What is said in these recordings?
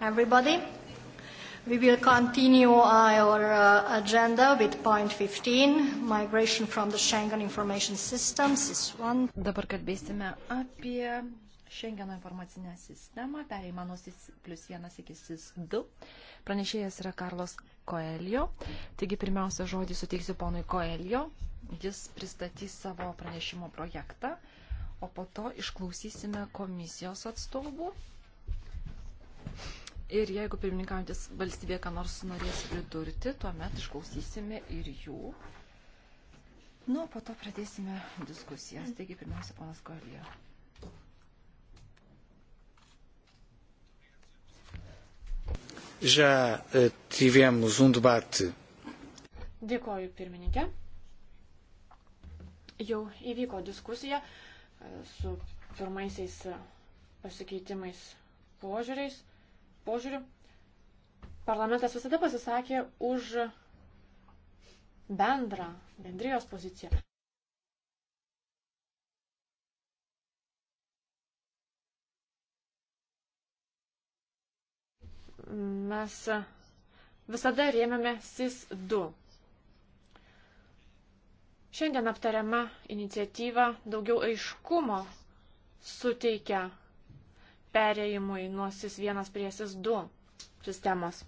everybody. We will continue our uh, agenda with point 15, migration from the Schengen information system, SIS-1. Dabar kalbėsime apie Schengeno informacinę sistemą, pereimą nuo SIS plus 1 iki SIS 2. Pranešėjas yra Karlos Koelio. Taigi pirmiausia žodį suteiksiu ponui Koelio. Jis pristatys savo pranešimo projektą, o po to išklausysime komisijos atstovų Ir jeigu pirmininkaujantis valstybė, ką nors norės pridurti, tuomet išklausysime ir jų. Nu, po to pradėsime diskusijas. Taigi, pirmiausia, ponas Kolija. Já uh, tivemos um debate. Dėkoju, pirmininkė. Jau įvyko diskusija eh, su pirmaisiais eh, pasikeitimais požiūriais požiūriu, parlamentas visada pasisakė už bendrą, bendrijos poziciją. Mes visada rėmėme SIS 2. Šiandien aptariama iniciatyva daugiau aiškumo suteikia perėjimui nuo SIS1 prie SIS2 sistemos.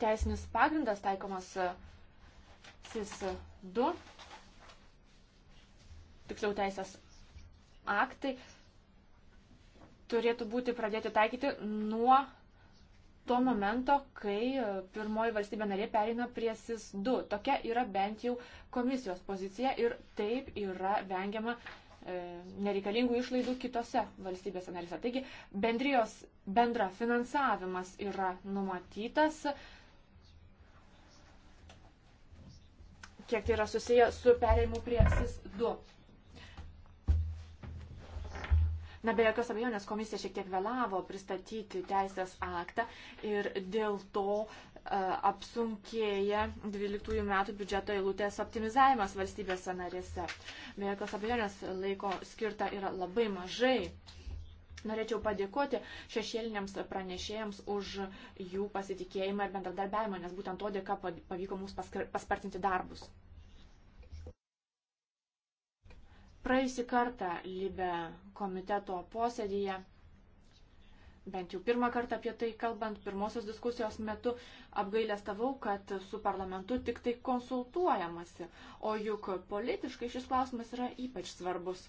Teisinis pagrindas taikomas e, SIS2, tiksliau teisės aktai, turėtų būti pradėti taikyti nuo tuo momento, kai e, pirmoji valstybė narė pereina prie SIS-2. Tokia yra bent jau komisijos pozicija ir taip yra vengiama E, nereikalingų išlaidų kitose valstybėse narise. Taigi bendrijos bendra finansavimas yra numatytas, kiek tai yra susiję su perėjimu prie SIS 2. Na, be jokios abejonės komisija šiek tiek vėlavo pristatyti teisės aktą ir dėl to E, apsunkėja 12 metų biudžeto eilutės optimizavimas valstybėse narėse. Be jokios abejonės laiko skirta yra labai mažai. Norėčiau padėkoti šešėliniams pranešėjams už jų pasitikėjimą ir bendradarbiavimą, nes būtent to dėka pavyko mums paspartinti darbus. Praėjusį kartą Libe komiteto posėdėje bent jau pirmą kartą apie tai kalbant, pirmosios diskusijos metu apgailestavau, kad su parlamentu tik tai konsultuojamasi, o juk politiškai šis klausimas yra ypač svarbus.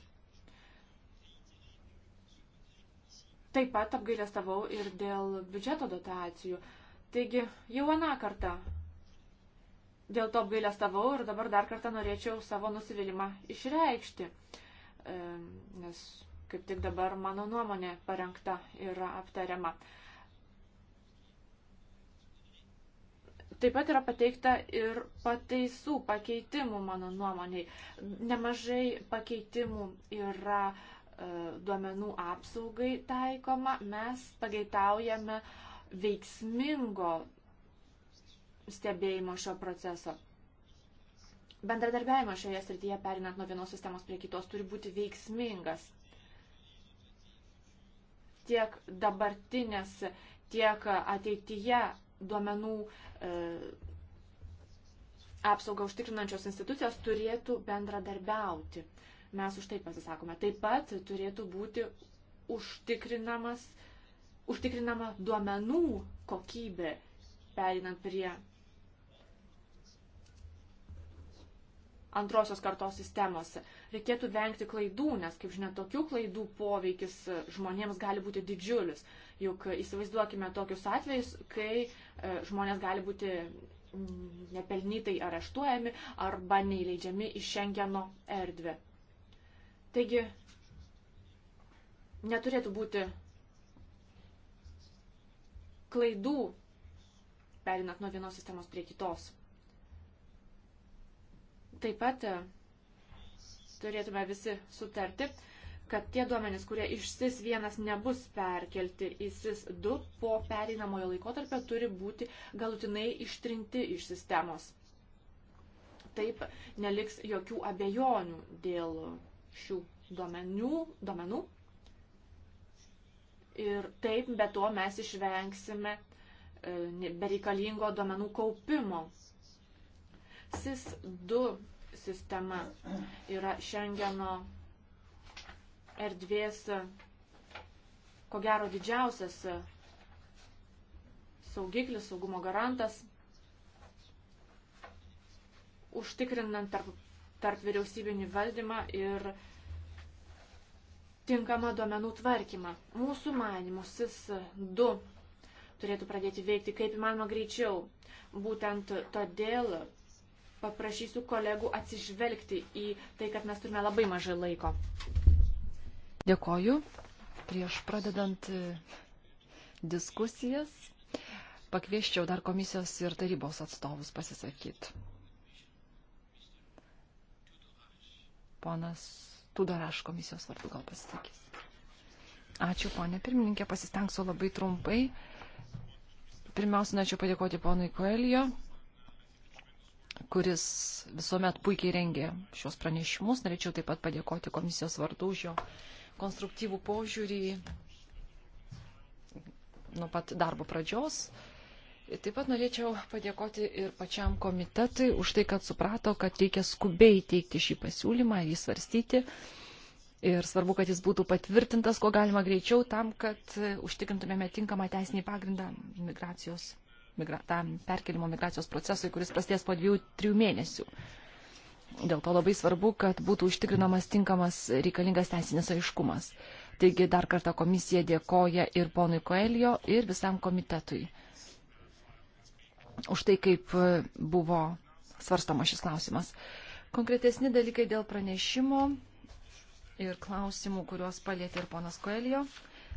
Taip pat apgailestavau ir dėl biudžeto dotacijų. Taigi, jau aną kartą dėl to apgailestavau ir dabar dar kartą norėčiau savo nusivylimą išreikšti. E, nes kaip tik dabar mano nuomonė parengta yra aptariama. Taip pat yra pateikta ir pataisų pakeitimų, mano nuomoniai. Nemažai pakeitimų yra e, duomenų apsaugai taikoma. Mes pageitaujame veiksmingo stebėjimo šio proceso. Bendradarbiavimas šioje srityje, perinant nuo vienos sistemos prie kitos, turi būti veiksmingas tiek dabartinės, tiek ateityje duomenų e, apsaugą užtikrinančios institucijos turėtų bendradarbiauti. Mes už tai pasisakome. Taip pat turėtų būti užtikrinamas, užtikrinama duomenų kokybė, perinant prie antrosios kartos sistemos reikėtų vengti klaidų, nes, kaip žinia, tokių klaidų poveikis e, žmonėms gali būti didžiulis. Juk e, įsivaizduokime tokius atvejus, kai e, žmonės gali būti mm, nepelnytai areštuojami arba neįleidžiami į Šengeno erdvę. Taigi, neturėtų būti klaidų, perinant nuo vienos sistemos prie kitos. Taip pat turėtume visi sutarti, kad tie duomenys, kurie iš SIS 1 nebus perkelti į SIS 2 po pereinamojo laikotarpio, turi būti galutinai ištrinti iš sistemos. Taip neliks jokių abejonių dėl šių duomenių, duomenų. Ir taip, be to mes išvengsime e, bereikalingo duomenų kaupimo. SIS 2 sistema, yra Šengeno erdvės, ko gero didžiausias saugiklis, saugumo garantas, užtikrinant tarp, tarp vyriausybinį valdymą ir tinkamą duomenų tvarkymą. Mūsų manimų SIS 2 turėtų pradėti veikti kaip įmanoma greičiau. Būtent todėl paprašysiu kolegų atsižvelgti į tai, kad mes turime labai mažai laiko. Dėkoju. Prieš pradedant e, diskusijas, pakvieščiau dar komisijos ir tarybos atstovus pasisakyti. Ponas Tudoraš komisijos vardu gal pasisakys. Ačiū, ponė pirmininkė, pasistengsiu labai trumpai. Pirmiausia, norėčiau padėkoti ponui Koelijo kuris visuomet puikiai rengė šios pranešimus. Norėčiau taip pat padėkoti komisijos vardu už jo konstruktyvų požiūrį nuo pat darbo pradžios. Ir taip pat norėčiau padėkoti ir pačiam komitetui už tai, kad suprato, kad reikia skubiai teikti šį pasiūlymą, jį svarstyti. Ir svarbu, kad jis būtų patvirtintas, kuo galima greičiau, tam, kad užtikrintumėme tinkamą teisinį pagrindą migracijos migra tam perkelimo migracijos procesui, kuris prasties po dviejų, trijų mėnesių. Dėl to labai svarbu, kad būtų užtikrinamas tinkamas reikalingas teisinis aiškumas. Taigi dar kartą komisija dėkoja ir ponui Koelio, ir visam komitetui už tai, kaip e, buvo svarstoma šis klausimas. Konkretesni dalykai dėl pranešimo ir klausimų, kuriuos palėtė ir ponas Koelio.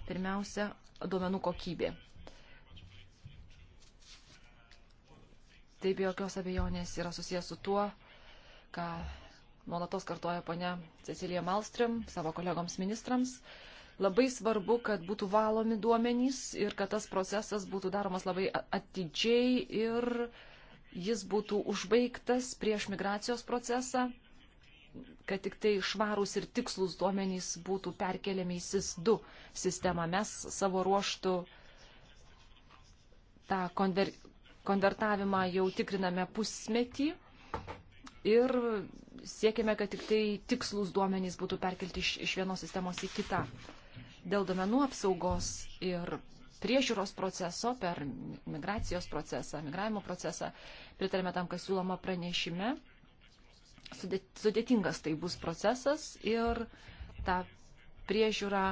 Pirmiausia, duomenų kokybė. tai be jokios abejonės yra susijęs su tuo, ką nuolatos kartoja ponia Cecilija Malstrim savo kolegoms ministrams. Labai svarbu, kad būtų valomi duomenys ir kad tas procesas būtų daromas labai atidžiai ir jis būtų užbaigtas prieš migracijos procesą, kad tik tai švarūs ir tikslus duomenys būtų perkeliami į SIS-2 sistemą. Mes savo ruoštų tą konver konvertavimą jau tikriname pusmetį ir siekiame, kad tik tai tikslus duomenys būtų perkelti iš, iš vienos sistemos į kitą. Dėl duomenų apsaugos ir priežiūros proceso, per migracijos procesą, migravimo procesą, pritarėme tam, kas siūloma pranešime. Sudėtingas tai bus procesas ir tą priežiūrą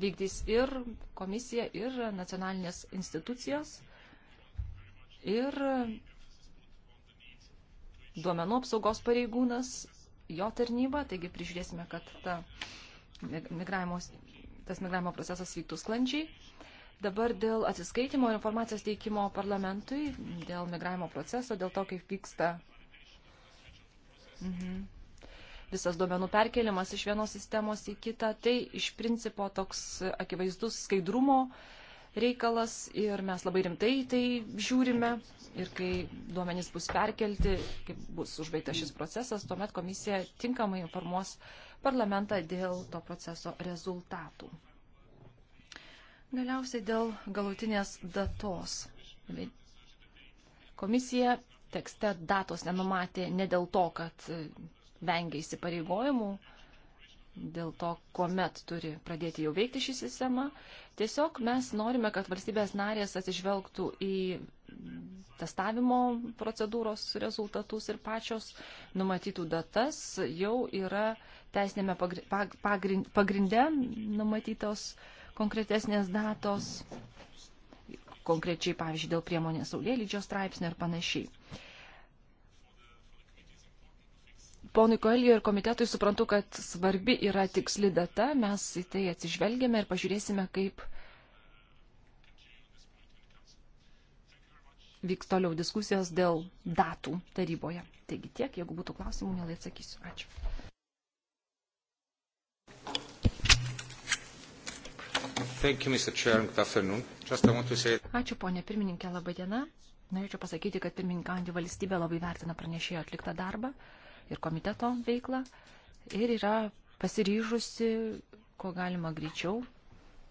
vykdys ir komisija, ir nacionalinės institucijos ir duomenų apsaugos pareigūnas, jo tarnyba, taigi prižiūrėsime, kad ta tas migravimo procesas vyktų sklandžiai. Dabar dėl atsiskaitimo ir informacijos teikimo parlamentui, dėl migravimo proceso, dėl to, kaip vyksta mhm. visas duomenų perkelimas iš vienos sistemos į kitą, tai iš principo toks akivaizdus skaidrumo uh, reikalas ir mes labai rimtai tai žiūrime ir kai duomenys bus perkelti, kaip bus užbaigtas šis procesas, tuomet komisija tinkamai informuos parlamentą dėl to proceso rezultatų. Galiausiai dėl galutinės datos. Komisija tekste datos nenumatė ne dėl to, kad vengia įsipareigojimų, dėl to, kuomet turi pradėti jau veikti šį sistemą. Tiesiog mes norime, kad valstybės narės atsižvelgtų į testavimo procedūros rezultatus ir pačios numatytų datas jau yra teisinėme pagrinde numatytos konkretesnės datos, konkrečiai, pavyzdžiui, dėl priemonės saulėlydžio straipsnio ir panašiai. ponui Koelijo ir komitetui suprantu, kad svarbi yra tiksli data, mes į tai atsižvelgėme ir pažiūrėsime, kaip vyks toliau diskusijos dėl datų taryboje. Taigi tiek, jeigu būtų klausimų, mielai atsakysiu. Ačiū. Thank you, Mr. Chair. Good afternoon. Just I want to say... Ačiū, ponė pirmininkė, laba diena. Norėčiau pasakyti, kad pirmininkaujantį valstybę labai vertina pranešėjo atliktą darbą. Uh, ir komiteto veiklą ir yra pasiryžusi, ko galima greičiau,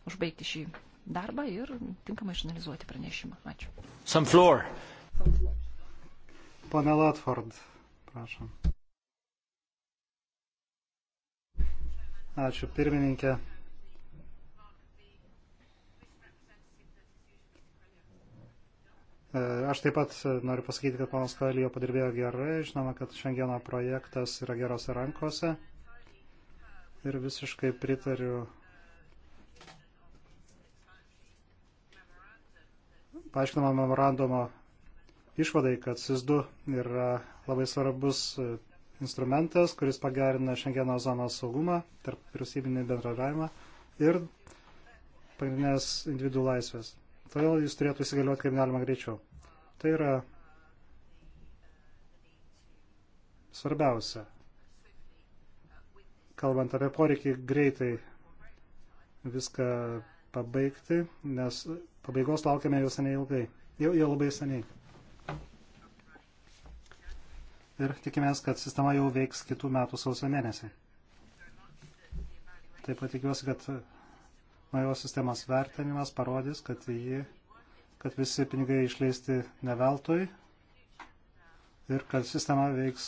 užbaigti šį darbą ir tinkamai išanalizuoti pranešimą. Ačiū. Some floor. Pane Latford, prašom. Ačiū pirmininkė. E, aš taip pat e, noriu pasakyti, kad panas Koelijo padirbėjo gerai, žinoma, kad šiandieno projektas yra gerose rankose ir visiškai pritariu paaiškinama memorandumo išvadai, kad SIS-2 yra labai svarbus e, instrumentas, kuris pagerina šiandieno zonos saugumą, tarp vyriausybinį bendradavimą ir pagrindinės individų laisvės. Todėl jis turėtų įsigalioti kaip galima greičiau. Tai yra svarbiausia, kalbant apie poreikį greitai viską pabaigti, nes pabaigos laukiame jau seniai ilgai, jau, jau labai seniai. Ir tikimės, kad sistema jau veiks kitų metų sausio mėnesį. Taip pat tikiuosi, kad naujos sistemos vertinimas parodys, kad, jį, kad visi pinigai išleisti neveltui ir kad sistema veiks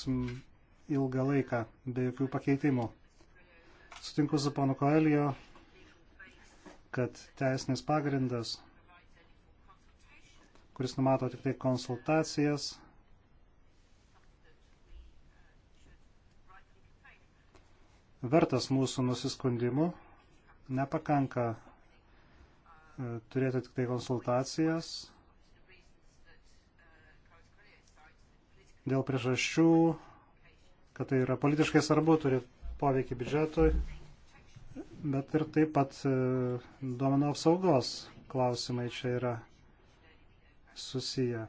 ilgą laiką be jokių pakeitimų. Sutinku su ponu Koelio, kad teisinis pagrindas, kuris numato tik tai konsultacijas, vertas mūsų nusiskundimų Nepakanka e, turėti tik tai konsultacijas dėl priežasčių, kad tai yra politiškai svarbu, turi poveikį biudžetui, bet ir taip pat e, duomenų apsaugos klausimai čia yra susiję.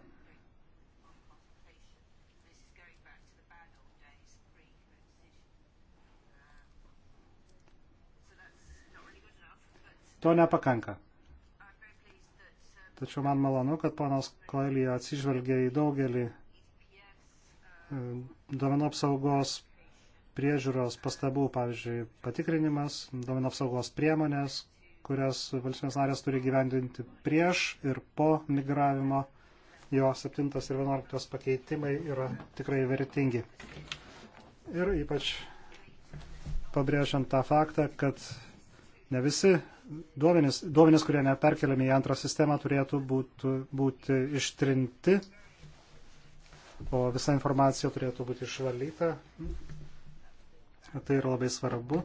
To nepakanka. Tačiau man malonu, kad ponas Koelija atsižvelgia į daugelį e, duomenų apsaugos priežiūros pastabų, pavyzdžiui, patikrinimas, duomenų apsaugos priemonės, kurias valstybės narės turi gyvendinti prieš ir po migravimo. Jo 7 ir 11 pakeitimai yra tikrai vertingi. Ir ypač pabrėžiant tą faktą, kad ne visi duomenys, duomenys, kurie neperkeliami į antrą sistemą, turėtų būti, būti ištrinti, o visa informacija turėtų būti išvalyta. Tai yra labai svarbu.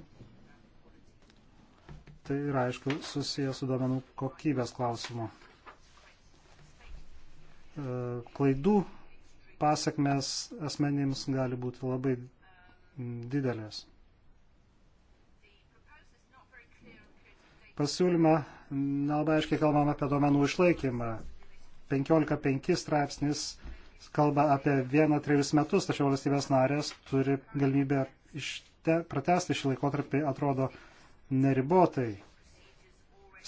Tai yra, aišku, susijęs su duomenų kokybės klausimu. E, klaidų pasiekmes asmenims gali būti labai didelės. pasiūlyme nelabai aiškiai kalbam apie duomenų išlaikymą. 15.5 straipsnis kalba apie 1-3 metus, tačiau valstybės narės turi galimybę ište, pratesti šį laikotarpį, atrodo, neribotai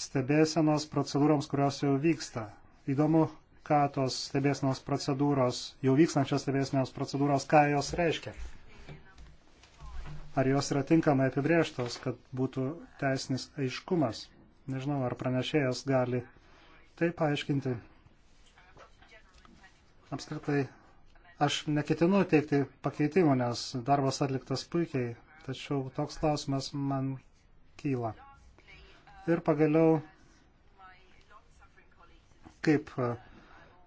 stebėsenos procedūroms, kurios jau vyksta. Įdomu, ką tos stebėsenos procedūros, jau vykstančios stebėsenos procedūros, ką jos reiškia ar jos yra tinkamai apibrėžtos, kad būtų teisinis aiškumas. Nežinau, ar pranešėjas gali tai paaiškinti. Apskritai, aš neketinu teikti pakeitimų, nes darbas atliktas puikiai, tačiau toks klausimas man kyla. Ir pagaliau, kaip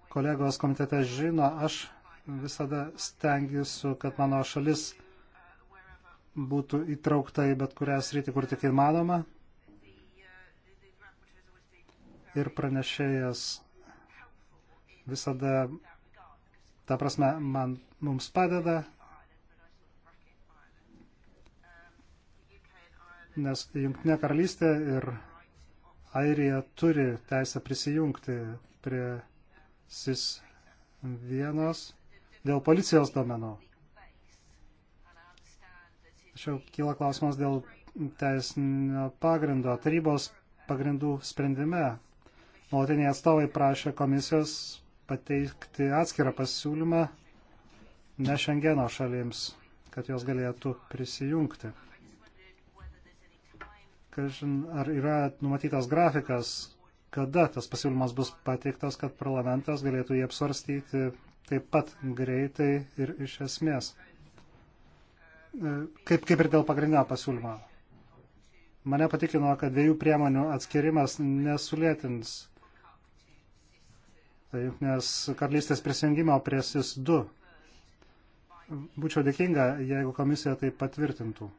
kolegos komitete žino, aš visada stengiuosi, kad mano šalis būtų įtraukta į bet kurią sritį, kur tik įmanoma. Ir pranešėjas visada, ta prasme, man, mums padeda, nes Junktinė karalystė ir Airija turi teisę prisijungti prie SIS vienos dėl policijos domenų. Tačiau kyla klausimas dėl teisinio pagrindo. Tarybos pagrindų sprendime nuolatiniai atstovai prašė komisijos pateikti atskirą pasiūlymą ne Šengeno šalims, kad jos galėtų prisijungti. Kažin, ar yra numatytas grafikas, kada tas pasiūlymas bus pateiktas, kad parlamentas galėtų jį apsvarstyti taip pat greitai ir iš esmės kaip, kaip ir dėl pagrindinio pasiūlymo. Mane patikino, kad dviejų priemonių atskirimas nesulėtins tai Junktinės karalystės prisijungimo prie SIS 2. Būčiau dėkinga, jeigu komisija tai patvirtintų.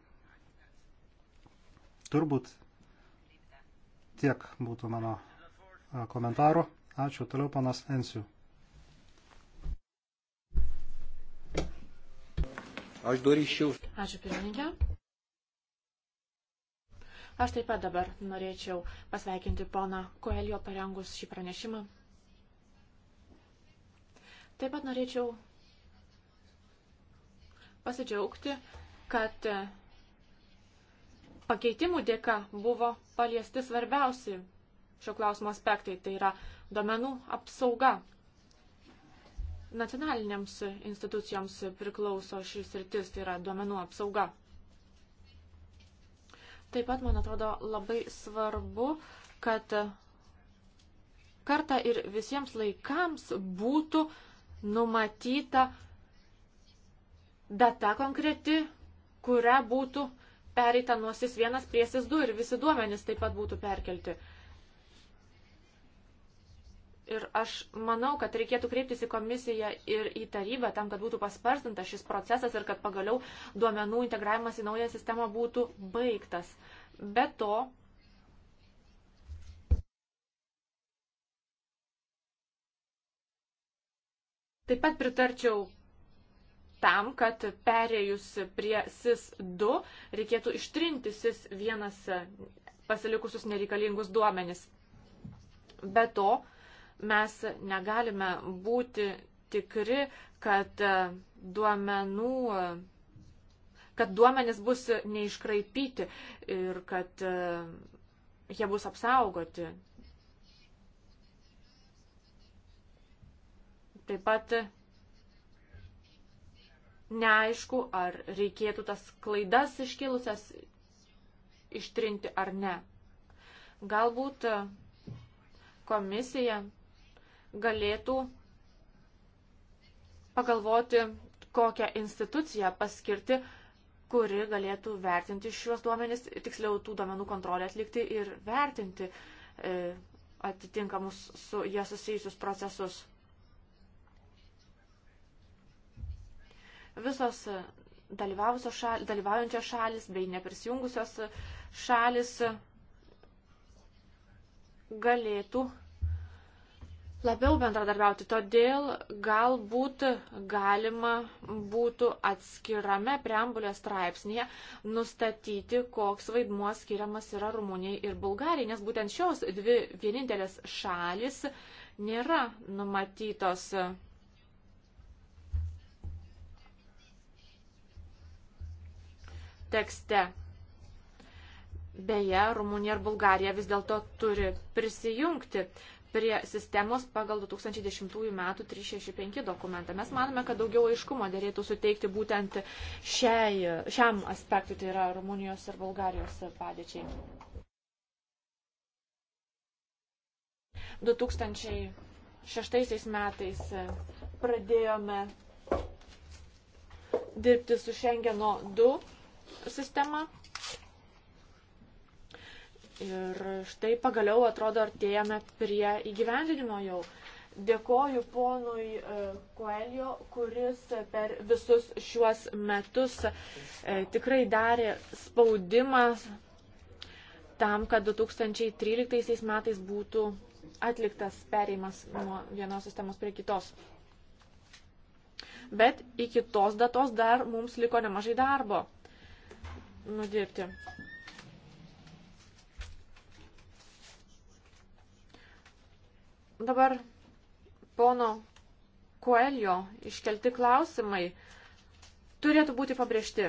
Turbūt tiek būtų mano komentarų. Ačiū. Toliau panas Ensiu. Aš doryščiau. Ačiū pirmininkė. Aš taip pat dabar norėčiau pasveikinti poną Koelio parengus šį pranešimą. Taip pat norėčiau pasidžiaugti, kad pakeitimų dėka buvo paliesti svarbiausi šio klausimo aspektai, tai yra domenų apsauga, nacionalinėms institucijoms priklauso šis rytis, tai yra duomenų apsauga. Taip pat, man atrodo, labai svarbu, kad kartą ir visiems laikams būtų numatyta data konkreti, kuria būtų pereita nuo SIS 1 prie SIS 2 ir visi duomenys taip pat būtų perkelti. Ir aš manau, kad reikėtų kreiptis į komisiją ir į tarybą tam, kad būtų paspartintas šis procesas ir kad pagaliau duomenų integravimas į naują sistemą būtų baigtas. Be to, taip pat pritarčiau tam, kad perėjus prie SIS-2 reikėtų ištrinti SIS-1 pasilikusius nereikalingus duomenis. Be to, Mes negalime būti tikri, kad e, duomenų e, kad duomenys bus neiškraipyti ir kad e, jie bus apsaugoti. Taip pat neaišku, ar reikėtų tas klaidas iškilusias ištrinti ar ne. Galbūt komisija galėtų pagalvoti, kokią instituciją paskirti, kuri galėtų vertinti šiuos duomenys, tiksliau tų duomenų kontrolę atlikti ir vertinti e, atitinkamus su jie susijusius procesus. Visos šal, dalyvaujančios šalis bei neprisijungusios šalis galėtų labiau bendradarbiauti. Todėl galbūt galima būtų atskirame preambulės straipsnėje nustatyti, koks vaidmuo skiriamas yra Rumunijai ir Bulgarijai, nes būtent šios dvi vienintelės šalis nėra numatytos. Tekste. Beje, Rumunija ir Bulgarija vis dėlto turi prisijungti prie sistemos pagal 2010 metų 365 dokumentą. Mes manome, kad daugiau aiškumo dėlėtų suteikti būtent šiai, šiam aspektui, tai yra Rumunijos ir Bulgarijos padėčiai. 2006 metais pradėjome dirbti su Schengeno 2 sistema Ir štai pagaliau atrodo artėjame prie įgyvendinimo jau. Dėkoju ponui e, Koelio, kuris per visus šiuos metus e, tikrai darė spaudimą tam, kad 2013 metais būtų atliktas pereimas nuo vienos sistemos prie kitos. Bet iki tos datos dar mums liko nemažai darbo nudirbti. Dabar pono Koelio iškelti klausimai turėtų būti pabrėžti.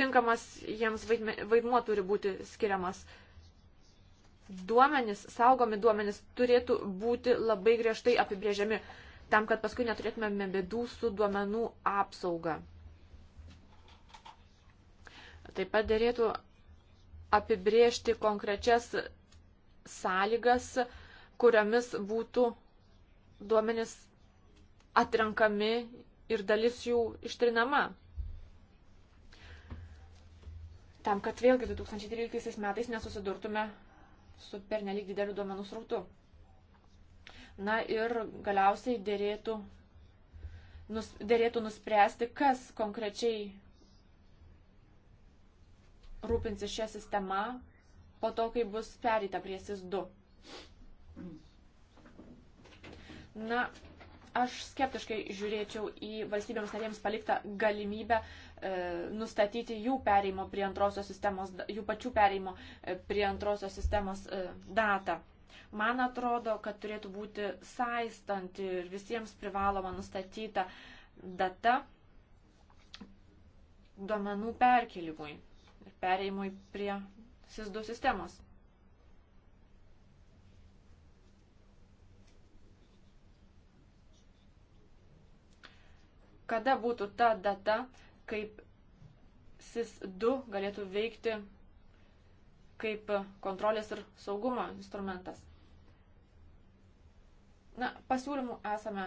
Tinkamas jiems vaidmuo turi būti skiriamas. Duomenys, saugomi duomenys turėtų būti labai griežtai apibrėžiami tam, kad paskui neturėtumėme bėdų su duomenų apsauga. Taip pat dėrėtų apibriežti konkrečias sąlygas, kuriomis būtų duomenys atrenkami ir dalis jų ištrinama. Tam, kad vėlgi 2013 metais nesusidurtume su pernelyg dideliu duomenų srautu. Na ir galiausiai dėrėtų, nus, dėrėtų nuspręsti, kas konkrečiai rūpinsi šią sistemą, po to, kai bus pereita prie SIS 2. Na, aš skeptiškai žiūrėčiau į valstybėms narėms paliktą galimybę e, nustatyti jų pereimo prie antrosios sistemos, jų pačių pereimo e, prie antrosios sistemos e, datą. Man atrodo, kad turėtų būti saistanti ir visiems privaloma nustatyta data duomenų perkelimui ir pereimui prie SIS2 sistemos. Kada būtų ta data, kaip SIS2 galėtų veikti kaip kontrolės ir saugumo instrumentas? Na, pasiūlymų esame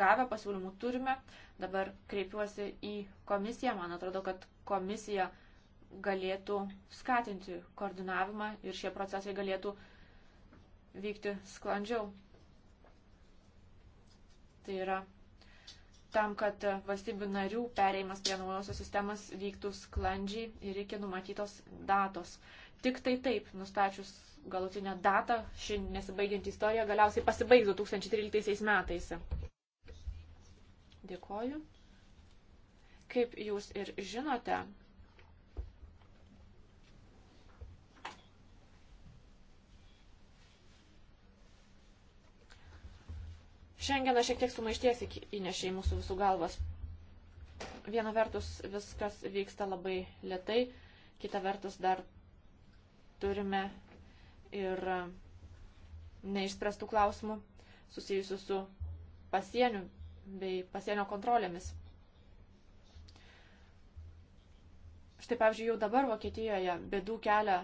gavę, pasiūlymų turime. Dabar kreipiuosi į komisiją. Man atrodo, kad komisija galėtų skatinti koordinavimą ir šie procesai galėtų vykti sklandžiau. Tai yra tam, kad valstybių narių pereimas prie naujosios sistemas vyktų sklandžiai ir iki numatytos datos. Tik tai taip, nustačius galutinę datą, ši nesibaigianti istorija galiausiai pasibaigs 2013 metais. Dėkoju. Kaip jūs ir žinote, Šiandieną šiek tiek sumaišties įnešė į mūsų visų galvas. Viena vertus viskas vyksta labai lietai, kita vertus dar turime ir e, neišspręstų klausimų susijusių su pasieniu bei pasienio kontrolėmis. Štai, pavyzdžiui, jau dabar Vokietijoje bėdų kelia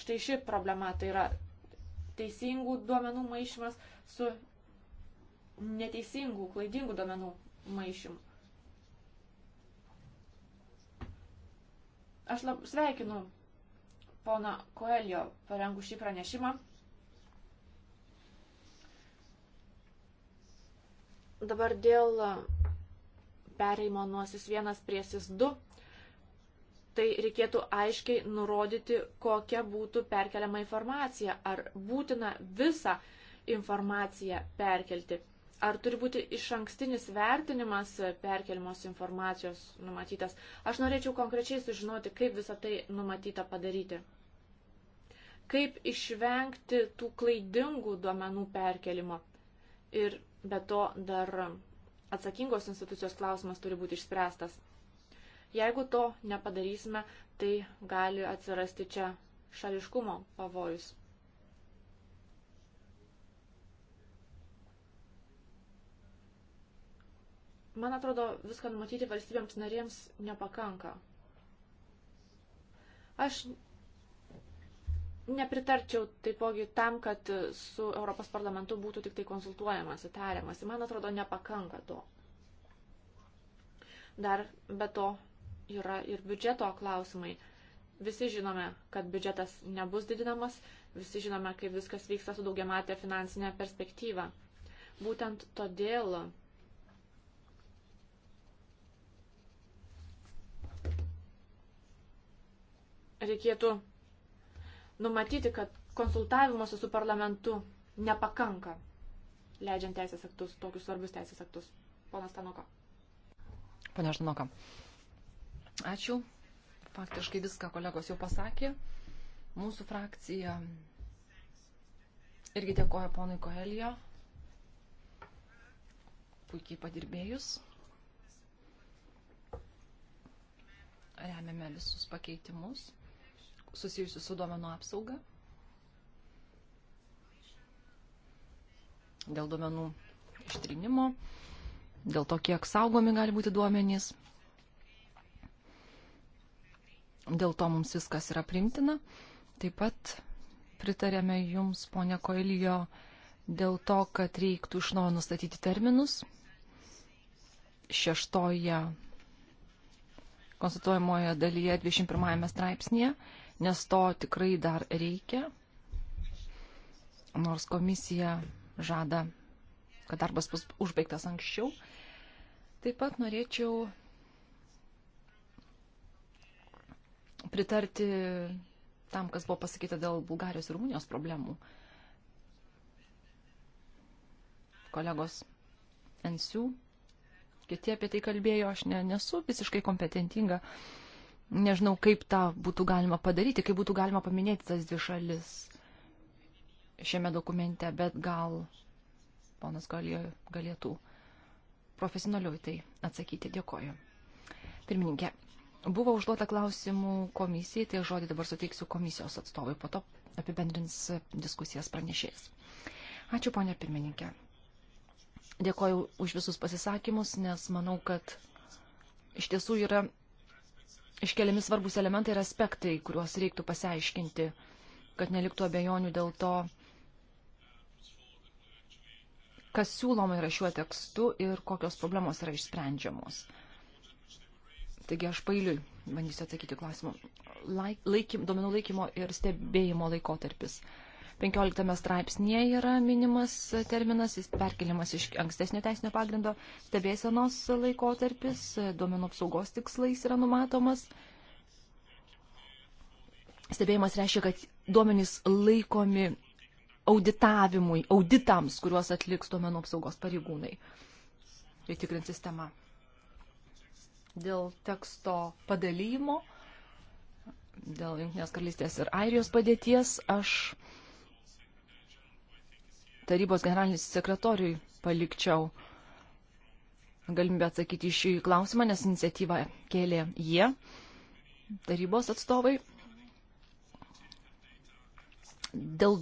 štai ši problema, tai yra teisingų duomenų maišymas su neteisingų, klaidingų duomenų maišymu. Aš lab, sveikinu pona Koelio parengų šį pranešimą. Dabar dėl pereimo nuo SIS1 prie SIS2 tai reikėtų aiškiai nurodyti, kokia būtų perkeliama informacija, ar būtina visą informaciją perkelti. Ar turi būti iš ankstinis vertinimas perkelimos informacijos numatytas? Aš norėčiau konkrečiai sužinoti, kaip visą tai numatyta padaryti. Kaip išvengti tų klaidingų duomenų perkelimo. Ir be to dar atsakingos institucijos klausimas turi būti išspręstas. Jeigu to nepadarysime, tai gali atsirasti čia šališkumo pavojus. Man atrodo, viską numatyti valstybėms narėms nepakanka. Aš nepritarčiau taipogi tam, kad su Europos parlamentu būtų tik tai konsultuojamas, tariamas. Man atrodo, nepakanka to. Dar be to yra ir biudžeto klausimai. Visi žinome, kad biudžetas nebus didinamas, visi žinome, kaip viskas vyksta su daugiamatė finansinė perspektyva. Būtent todėl reikėtų numatyti, kad konsultavimuose su parlamentu nepakanka, leidžiant teisės aktus, tokius svarbius teisės aktus. Ponas Tanuka. Pane Ždanoka, Ačiū. Faktiškai viską kolegos jau pasakė. Mūsų frakcija irgi dėkoja ponui Koelijo. Puikiai padirbėjus. Remiame visus pakeitimus susijusius su duomenų apsauga. Dėl duomenų ištrinimo, dėl to, kiek saugomi gali būti duomenys. Dėl to mums viskas yra primtina. Taip pat pritarėme jums, ponia Koilijo, dėl to, kad reiktų iš naujo nustatyti terminus. Šeštoje konstatuojamoje dalyje 21 straipsnėje, nes to tikrai dar reikia, nors komisija žada, kad darbas bus užbaigtas anksčiau. Taip pat norėčiau pritarti tam, kas buvo pasakyta dėl Bulgarijos ir Rumunijos problemų. Kolegos Ensių, kiti apie tai kalbėjo, aš ne, nesu visiškai kompetentinga, nežinau, kaip tą būtų galima padaryti, kaip būtų galima paminėti tas dvi šalis šiame dokumente, bet gal ponas galėjo, galėtų profesionaliu tai atsakyti. Dėkoju. Pirmininkė, Buvo užduota klausimų komisijai, tai žodį dabar suteiksiu komisijos atstovui, po to apibendrins diskusijas pranešėjas. Ačiū, ponė pirmininkė. Dėkoju už visus pasisakymus, nes manau, kad iš tiesų yra iškeliami svarbus elementai ir aspektai, kuriuos reiktų pasiaiškinti, kad neliktų abejonių dėl to, kas siūloma yra šiuo tekstu ir kokios problemos yra išsprendžiamos. Taigi aš pailiui bandysiu atsakyti klausimą. Laikym, domenų laikymo ir stebėjimo laikotarpis. 15 straipsnėje yra minimas terminas, jis perkeliamas iš ankstesnio teisinio pagrindo, stebėsenos laikotarpis, duomenų apsaugos tikslais yra numatomas. Stebėjimas reiškia, kad duomenys laikomi auditavimui, auditams, kuriuos atliks duomenų apsaugos pareigūnai. Tai tikrint sistema dėl teksto padalymo, dėl Junktinės karalystės ir Airijos padėties, aš tarybos generalinis sekretoriui palikčiau galimybę atsakyti šį klausimą, nes iniciatyvą kėlė jie, tarybos atstovai. Dėl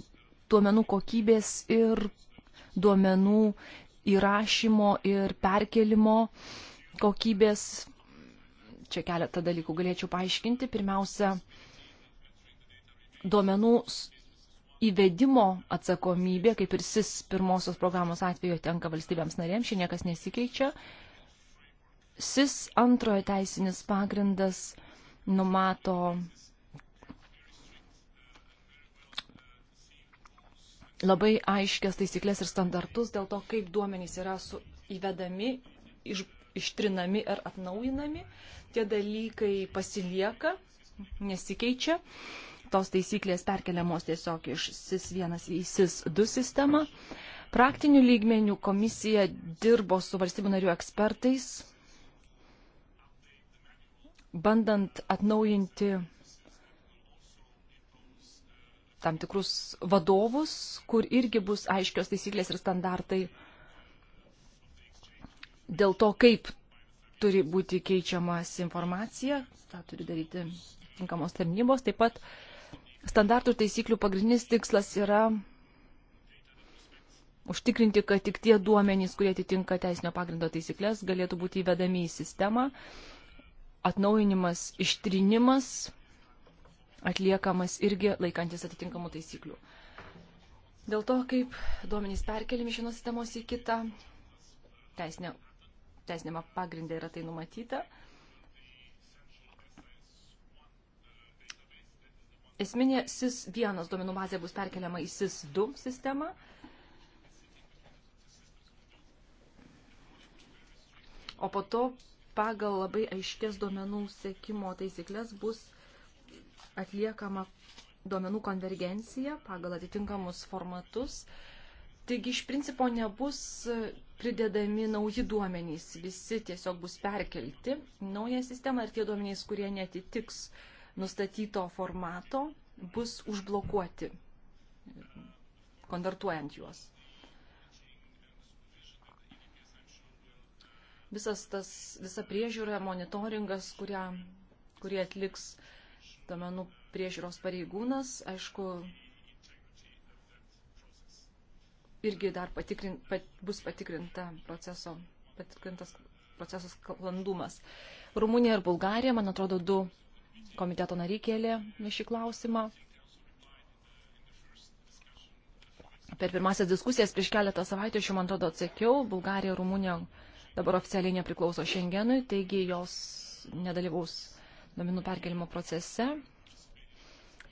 duomenų kokybės ir duomenų įrašymo ir perkelimo kokybės Čia keletą dalykų galėčiau paaiškinti. Pirmiausia, duomenų įvedimo atsakomybė, kaip ir SIS pirmosios programos atveju tenka valstybėms narėms, šiandien niekas nesikeičia. SIS antrojo teisinis pagrindas numato labai aiškias taisyklės ir standartus dėl to, kaip duomenys yra su, įvedami iš ištrinami ar atnaujinami, tie dalykai pasilieka, nesikeičia. Tos taisyklės perkeliamos tiesiog iš SIS1 į SIS2 sistemą. Praktinių lygmenių komisija dirbo su valstybių narių ekspertais, bandant atnaujinti tam tikrus vadovus, kur irgi bus aiškios taisyklės ir standartai dėl to, kaip turi būti keičiamas informacija, tą turi daryti tinkamos tarnybos. Taip pat standartų taisyklių pagrindinis tikslas yra užtikrinti, kad tik tie duomenys, kurie atitinka teisinio pagrindo taisyklės, galėtų būti įvedami į sistemą. Atnaujinimas, ištrinimas atliekamas irgi laikantis atitinkamų taisyklių. Dėl to, kaip duomenys perkeliami iš vienos sistemos į kitą, teisinė teisinėme pagrindė yra tai numatyta. Esminė SIS-1 duomenų bazė bus perkeliama į SIS-2 sistemą. O po to pagal labai aiškės duomenų sekimo taisyklės bus atliekama duomenų konvergencija pagal atitinkamus formatus. Uh, Taigi iš principo nebus pridedami nauji duomenys, visi tiesiog bus perkelti naują sistemą ir tie duomenys, kurie netitiks nustatyto formato, bus užblokuoti, konvertuojant juos. Visas tas, visa priežiūra, monitoringas, kurie, kurie atliks domenų priežiūros pareigūnas, aišku, irgi dar patikrin, pat, bus patikrinta proceso, patikrintas procesas sklandumas. Rumunija ir Bulgarija, man atrodo, du komiteto nariai kėlė šį klausimą. Per pirmasias diskusijas prieš keletą savaitę, aš jau man atrodo atsakiau, Bulgarija ir Rumunija dabar oficialiai nepriklauso Šengenui, taigi jos nedalyvaus domenų perkelimo procese.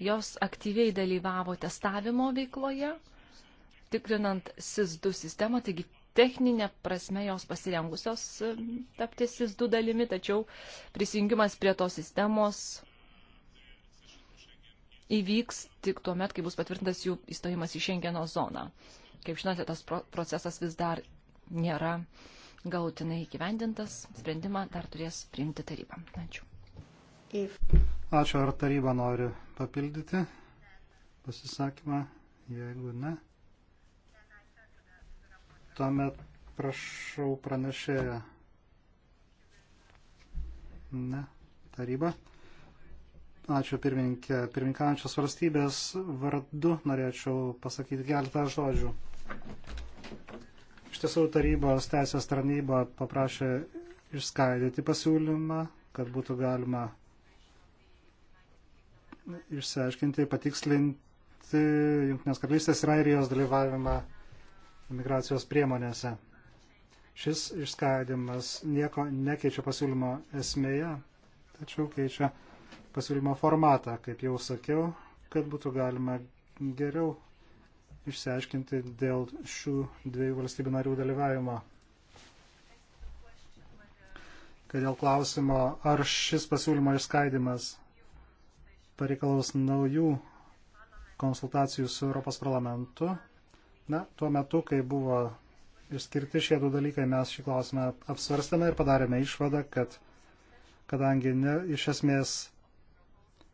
Jos aktyviai dalyvavo testavimo veikloje užtikrinant SIS2 sistemą, taigi techninė prasme jos pasirengusios tapti SIS2 dalimi, tačiau prisijungimas prie tos sistemos įvyks tik tuo met, kai bus patvirtintas jų įstojimas į Šengeno zoną. Kaip žinote, tas procesas vis dar nėra galutinai įgyvendintas, sprendimą dar turės priimti taryba. Ačiū. Ačiū, ar taryba nori papildyti pasisakymą, jeigu ne. Tuomet prašau pranešėją. Ne, taryba. Ačiū pirmininkė. Pirmininkančios valstybės vardu norėčiau pasakyti keletą žodžių. Iš tiesų tarybos teisės tarnyba paprašė išskaidyti pasiūlymą, kad būtų galima išsiaiškinti, patikslinti Junktinės karalystės ir Airijos dalyvavimą migracijos priemonėse. Šis išskaidimas nieko nekeičia pasiūlymo esmėje, tačiau keičia pasiūlymo formatą, kaip jau sakiau, kad būtų galima geriau išsiaiškinti dėl šių dviejų valstybių narių dalyvavimo. Kad dėl klausimo, ar šis pasiūlymo išskaidimas pareikalaus naujų konsultacijų su Europos parlamentu, Na, tuo metu, kai buvo išskirti šie du dalykai, mes šį klausimą apsvarstame ir padarėme išvadą, kad kadangi ne, iš esmės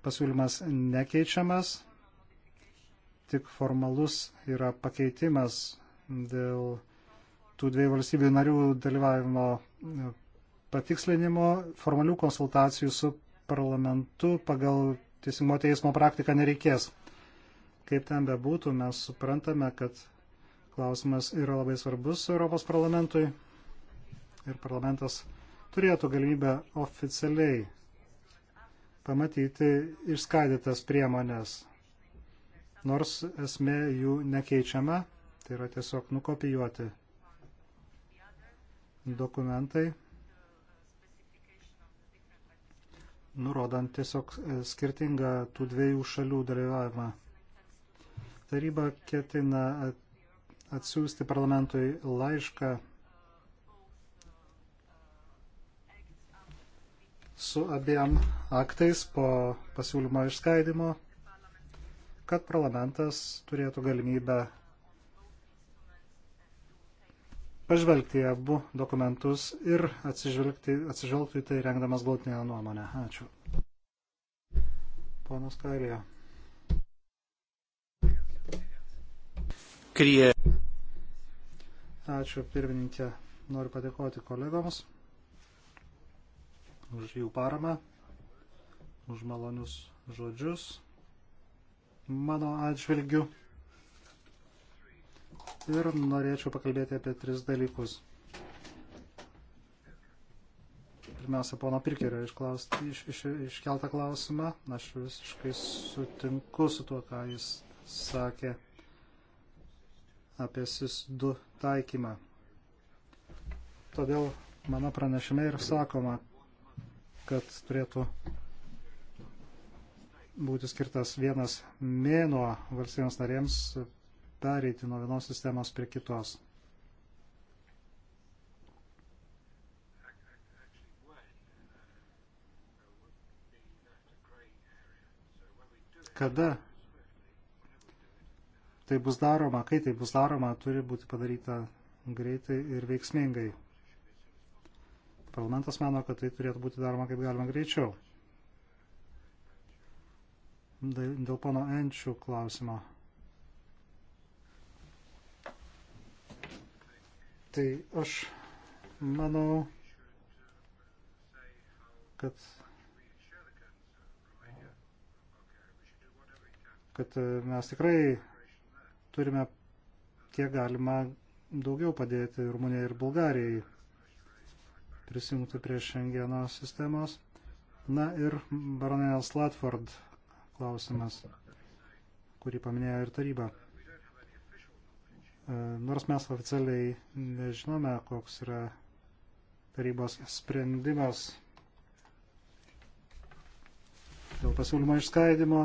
pasiūlymas nekeičiamas, tik formalus yra pakeitimas dėl tų dviejų valstybių narių dalyvavimo e, patikslinimo, formalių konsultacijų su parlamentu pagal teisingumo teismo praktiką nereikės. Kaip ten bebūtų, mes suprantame, kad Klausimas yra labai svarbus Europos parlamentui ir parlamentas turėtų galimybę oficialiai pamatyti išskaidytas priemonės, nors esmė jų nekeičiama, tai yra tiesiog nukopijuoti dokumentai, nurodant tiesiog e, skirtingą tų dviejų šalių dalyvavimą. Taryba ketina atsiųsti parlamentui laišką su abiem aktais po pasiūlymo išskaidimo, kad parlamentas turėtų galimybę pažvelgti į abu dokumentus ir atsižvelgti, atsižvelgti į tai rengdamas galtinę nuomonę. Ačiū. Ponas Kairija. Queria Ačiū pirmininkė. Noriu padėkoti kolegoms už jų paramą, už malonius žodžius mano atžvilgiu. Ir norėčiau pakalbėti apie tris dalykus. Pirmiausia, pono Pirkerio iš, iš, iškeltą klausimą. Aš visiškai sutinku su tuo, ką jis sakė apie SIS-2 taikymą. Todėl mano pranešime ir sakoma, kad turėtų būti skirtas vienas mėnuo valstybėms narėms pereiti nuo vienos sistemos prie kitos. Kada tai bus daroma, kai tai bus daroma, turi būti padaryta greitai ir veiksmingai. Parlamentas mano, kad tai turėtų būti daroma kaip galima greičiau. Dėl pono Enčių klausimo. Tai aš manau, kad kad mes tikrai turime kiek galima daugiau padėti Rumunijai ir Bulgarijai prisijungti prie Schengeno sistemos. Na ir baronės Latford klausimas, kurį paminėjo ir taryba. E, nors mes oficialiai nežinome, koks yra tarybos sprendimas dėl pasiūlymo išskaidimo,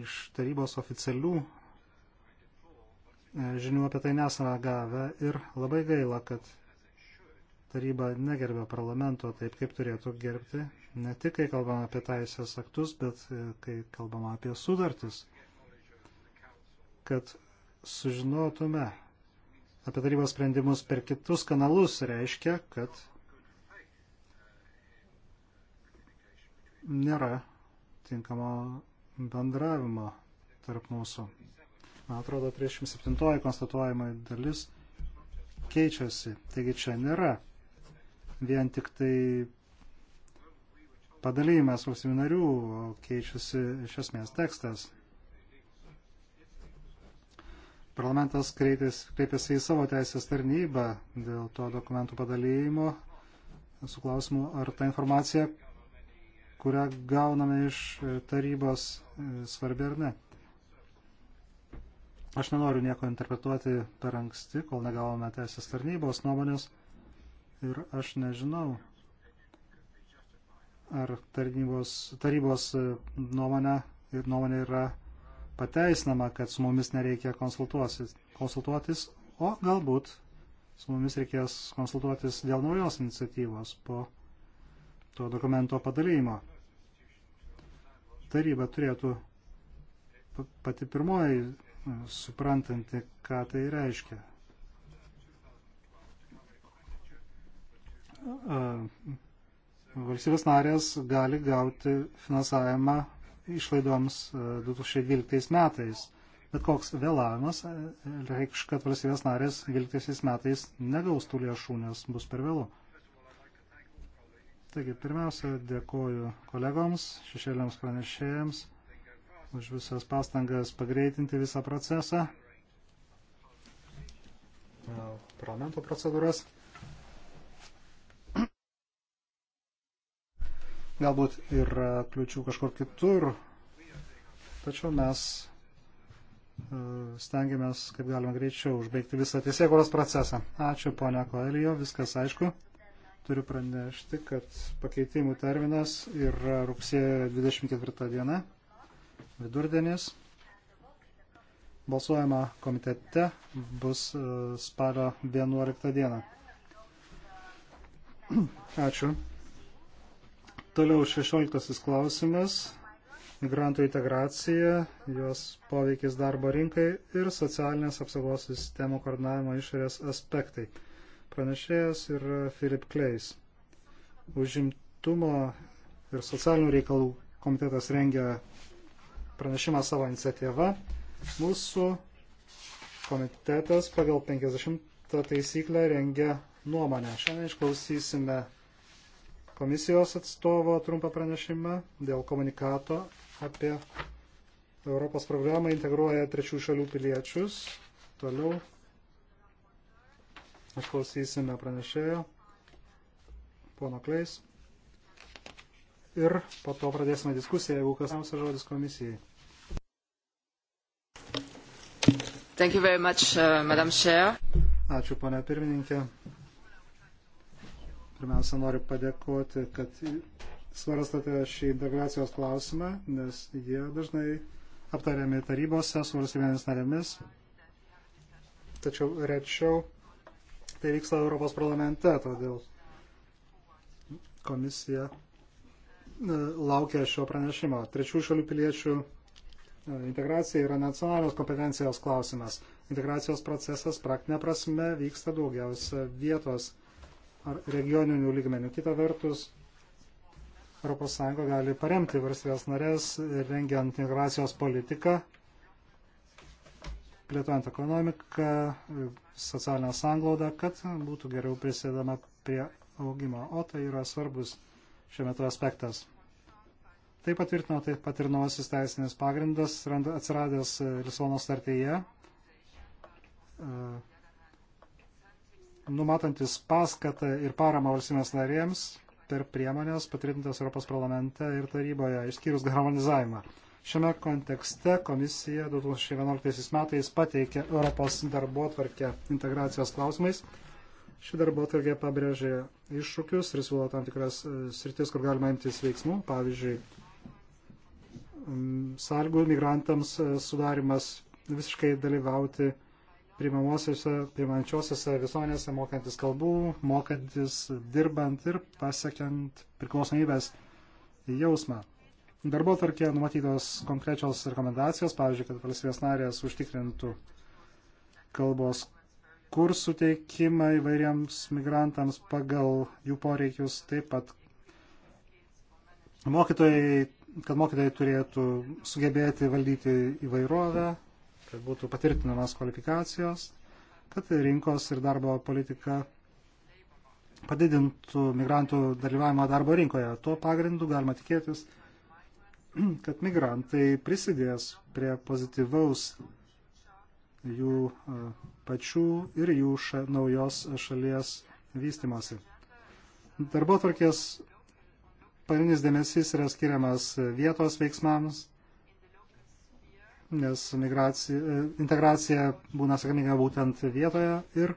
iš tarybos oficialių e, žinių apie tai nesame gavę ir labai gaila, kad taryba negerbė parlamento taip, kaip turėtų gerbti, ne tik kai kalbama apie teisės aktus, bet e, kai kalbama apie sudartis, kad sužinotume apie tarybos sprendimus per kitus kanalus, reiškia, kad nėra tinkamo bendravimo tarp mūsų. Man atrodo, 37 konstatuojama dalis keičiasi. Taigi čia nėra vien tik tai padalymas valstybių narių, o keičiasi iš esmės tekstas. Parlamentas kreipėsi į savo teisės tarnybą dėl to dokumentų padalymo su klausimu, ar ta informacija, kurią gauname iš e, tarybos, e, svarbi ar ne. Aš nenoriu nieko interpretuoti per anksti, kol negavome teisės tarnybos nuomonės ir aš nežinau, ar tarnybos, tarybos e, nuomonė, nuomonė yra pateisinama, kad su mumis nereikia konsultuotis, o galbūt su mumis reikės konsultuotis dėl naujos iniciatyvos po to dokumento padalymo taryba turėtų pati pirmoji e, suprantanti, ką tai reiškia. Valstybės narės gali gauti finansavimą išlaidoms 2012 e, metais, bet koks vėlavimas e, reikš, kad valstybės narės 2012 metais negaus tų lėšų, nes bus per vėlu. Taigi, pirmiausia, dėkoju kolegoms, šešėliams pranešėjams už visas pastangas pagreitinti visą procesą, parlamento procedūras. Galbūt yra kliučių kažkur kitur, tačiau mes e, stengiamės, kaip galima greičiau, užbaigti visą teisėkuros procesą. Ačiū, ponia Koelijo, viskas aišku. Turiu pranešti, kad pakeitimų terminas yra rugsėjo 24 diena, vidurdienis. Balsuojama komitete bus e, spalio 11 diena. Ačiū. Toliau 16 klausimas migrantų integracija, jos poveikis darbo rinkai ir socialinės apsaugos sistemų koordinavimo išorės aspektai. Pranešėjas yra Filip Kleis. Užimtumo ir socialinių reikalų komitetas rengia pranešimą savo iniciatyvą. Mūsų komitetas pagal 50 taisyklę rengia nuomonę. Šiandien išklausysime komisijos atstovo trumpą pranešimą dėl komunikato apie Europos programą integruoja trečių šalių piliečius. Toliau Išklausysime pranešėjo, pono Kleis. Ir po to pradėsime diskusiją, jeigu kas nors žodis komisijai. Thank you very much, uh, Madam Chair. Ačiū, ponia pirmininkė. Pirmiausia, noriu padėkoti, kad svarstate šį integracijos klausimą, nes jie dažnai aptariami tarybose su valstybėmis narėmis. Tačiau rečiau tai vyksta Europos parlamente, todėl komisija e, laukia šio pranešimo. Trečių šalių piliečių e, integracija yra nacionalios kompetencijos klausimas. Integracijos procesas praktinė prasme vyksta daugiausia vietos ar regioninių lygmenių. Kita vertus, ES gali paremti valstybės narės rengiant integracijos politiką plėtojant ekonomiką, socialinę sanglaudą, kad būtų geriau prisėdama prie augimo. O tai yra svarbus šiuo metu aspektas. Tai patvirtino taip pat ir naujasis teisinis pagrindas, atsiradęs Lisono startyje, e, numatantis paskatą ir paramą valstybės narėms per priemonės patvirtintas Europos parlamente ir taryboje, išskyrus harmonizavimą. Šiame kontekste komisija 2011 metais pateikė Europos darbo tvarkę integracijos klausimais. Ši darbo tvarkė pabrėžė iššūkius ir siūlo tam tikras e, sritis, kur galima imtis veiksmų, pavyzdžiui, sąlygų migrantams e, sudarimas visiškai dalyvauti priimamuosiuose, priimančiosiuose visuomenėse, mokantis kalbų, mokantis dirbant ir pasiekiant priklausomybės jausmą. Darbo tarkė numatytos konkrečios rekomendacijos, pavyzdžiui, kad valstybės narės užtikrintų kalbos kursų teikimą įvairiems migrantams pagal jų poreikius, taip pat mokytojai, kad mokytojai turėtų sugebėti valdyti įvairovę, kad būtų patvirtinamas kvalifikacijos, kad rinkos ir darbo politika padidintų migrantų dalyvavimą darbo rinkoje. Tuo pagrindu galima tikėtis, kad migrantai prisidės prie pozityvaus jų e, pačių ir jų ša, naujos šalies vystimosi. Darbo tvarkės pagrindinis dėmesys yra skiriamas vietos veiksmams, nes e, integracija būna sėkminga būtent vietoje ir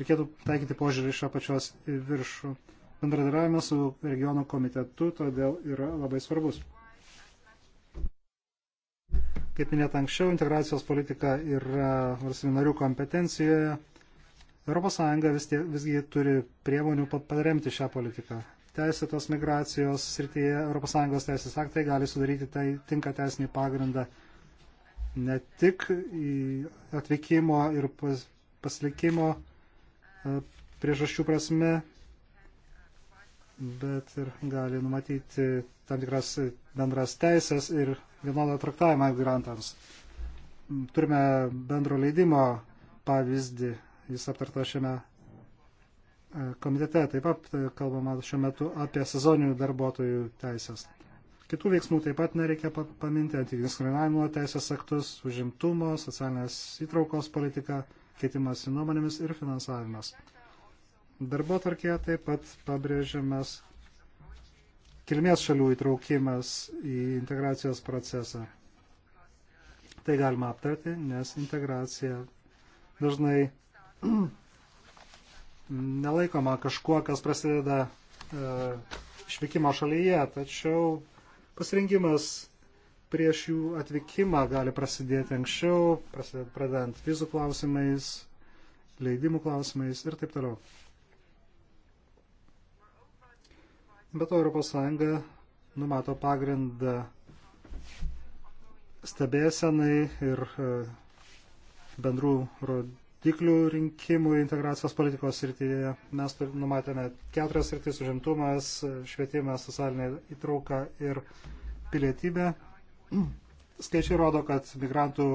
reikėtų taikyti požiūrį iš apačios viršų. Bendradarbiavimas su regionų komitetu todėl yra labai svarbus. Kaip minėta anksčiau, integracijos politika yra valstybių narių kompetencijoje. ES vis tie, visgi turi priemonių paremti šią politiką. Teisėtos migracijos srityje ES teisės aktai gali sudaryti tai tinka teisinį pagrindą ne tik atvykimo ir pas, pasilikimo e, priežasčių prasme, bet ir gali numatyti tam tikras bendras teisės ir vienodą traktavimą migrantams. Turime bendro leidimo pavyzdį, jis aptarta šiame e, komitete. Taip pat kalbama šiuo metu apie sezoninių darbuotojų teisės. Kitų veiksmų taip pat nereikia paminti antidiskriminavimo teisės aktus, užimtumo, socialinės įtraukos politika, keitimas į nuomonėmis ir finansavimas. Darbo tvarkėje taip pat pabrėžiamas kilmės šalių įtraukimas į integracijos procesą. Tai galima aptarti, nes integracija dažnai nelaikoma kažkuo, kas prasideda e, išvykimo šalyje, tačiau pasirinkimas prieš jų atvykimą gali prasidėti anksčiau, prasidedant vizų klausimais, leidimų klausimais ir taip toliau. Bet ES numato pagrindą stebėsenai ir e, bendrų rodiklių rinkimų integracijos politikos srityje. Mes numatėme keturias sritis - užimtumas, švietimas, socialinė įtrauka ir pilietybė. Skaičiai rodo, kad migrantų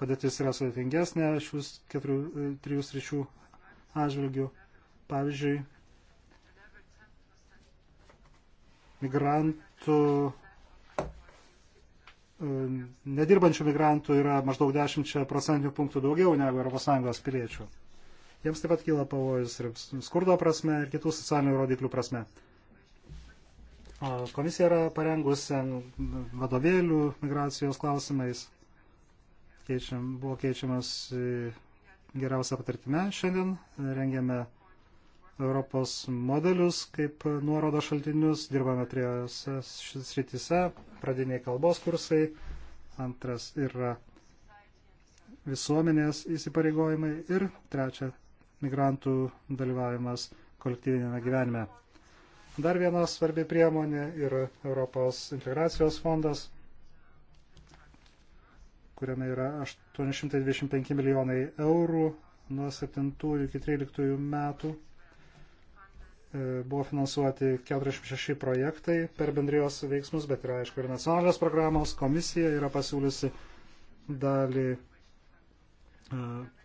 padėtis yra sudėtingesnė šių keturių, e, trijų sričių atžvilgių. Pavyzdžiui, migrantų, e, nedirbančių migrantų yra maždaug 10 procentinių punktų daugiau negu ES piliečių. Jiems taip pat kyla pavojus ir skurdo prasme, ir kitų socialinių rodiklių prasme. Komisija yra parengusi vadovėlių migracijos klausimais. Keičiam, buvo keičiamas geriausia patirtime šiandien. Rengėme Europos modelius kaip nuorodo šaltinius, dirbame trijose srityse, pradiniai kalbos kursai, antras yra visuomenės įsipareigojimai ir trečia migrantų dalyvavimas kolektyvinėme gyvenime. Dar viena svarbi priemonė yra Europos integracijos fondas, kuriame yra 825 milijonai eurų nuo 7 iki 13 metų E, buvo finansuoti 46 projektai per bendrijos veiksmus, bet yra aišku ir nacionalinės programos. Komisija yra pasiūliusi dalį e,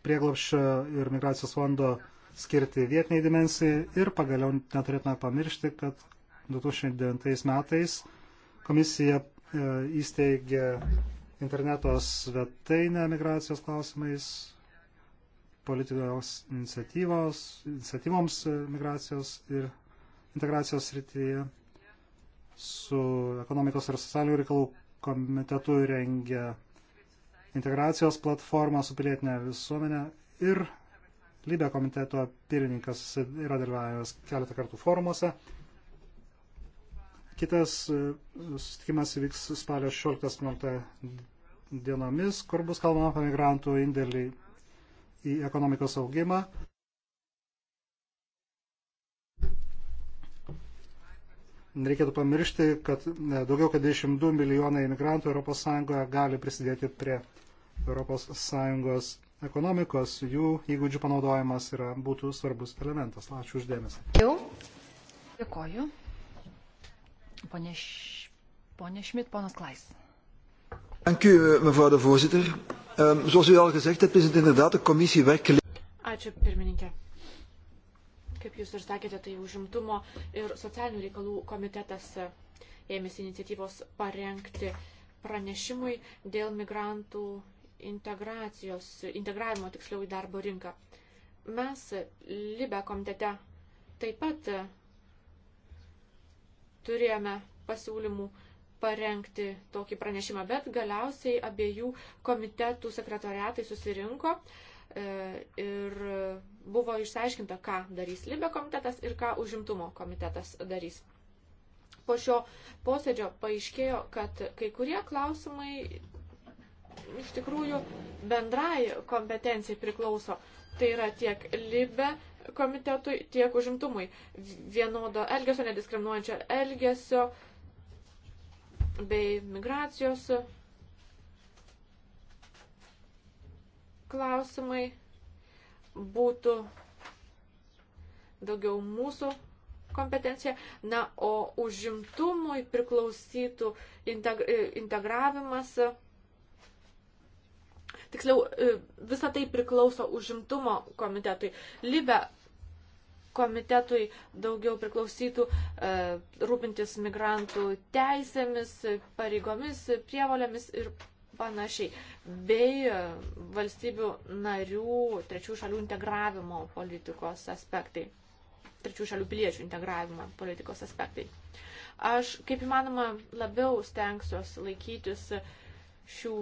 prieglapščio ir migracijos fondo skirti vietiniai dimensijai ir pagaliau neturėtume pamiršti, kad 2009 metais komisija e, įsteigė interneto svetainę migracijos klausimais politikos iniciatyvos, iniciatyvoms e, migracijos ir integracijos srityje su ekonomikos ir socialinių reikalų komitetu rengia integracijos platformą su pilietinė visuomenė ir Libė komiteto pirmininkas yra dalyvavęs keletą kartų forumuose. Kitas e, susitikimas vyks spalio 16-18 dienomis, kur bus kalbama apie migrantų indėlį į ekonomikos augimą. Reikėtų pamiršti, kad e, daugiau kaip 22 milijonai imigrantų ES gali prisidėti prie ES ekonomikos. Jų įgūdžių panaudojimas yra, būtų svarbus elementas. Ačiū uždėmesi. Jau. Dėkoju. Pone, Š... Pone Šmit, ponas Klais. Dank u, mevrouw de voorzitter. Um, zoals u al gezegd hebt, is het inderdaad de commissie werkgelegenheid. Ačiū, pirmininkė. Kaip jūs ir sakėte, tai užimtumo ir socialinių reikalų komitetas e, ėmėsi iniciatyvos parengti pranešimui dėl migrantų integracijos, integravimo tiksliau į darbo rinką. Mes e, Libe komitete taip pat e, turėjome pasiūlymų parengti tokį pranešimą, bet galiausiai abiejų komitetų sekretoriatai susirinko e, ir buvo išsiaiškinta, ką darys Libė komitetas ir ką užimtumo komitetas darys. Po šio posėdžio paaiškėjo, kad kai kurie klausimai iš tikrųjų bendrai kompetencijai priklauso. Tai yra tiek Libė komitetui, tiek užimtumui. Vienodo elgesio, nediskriminuojančio elgesio uh, bei migracijos klausimai būtų daugiau mūsų kompetencija, na, o užimtumui priklausytų integravimas. Tiksliau, e, visa tai priklauso užimtumo komitetui. Libe komitetui daugiau priklausytų e, rūpintis migrantų teisėmis, pareigomis, prievolėmis ir panašiai, bei e, valstybių narių trečių šalių integravimo politikos aspektai, trečių šalių piliečių integravimo politikos aspektai. Aš kaip įmanoma labiau stengsiuos laikytis šių,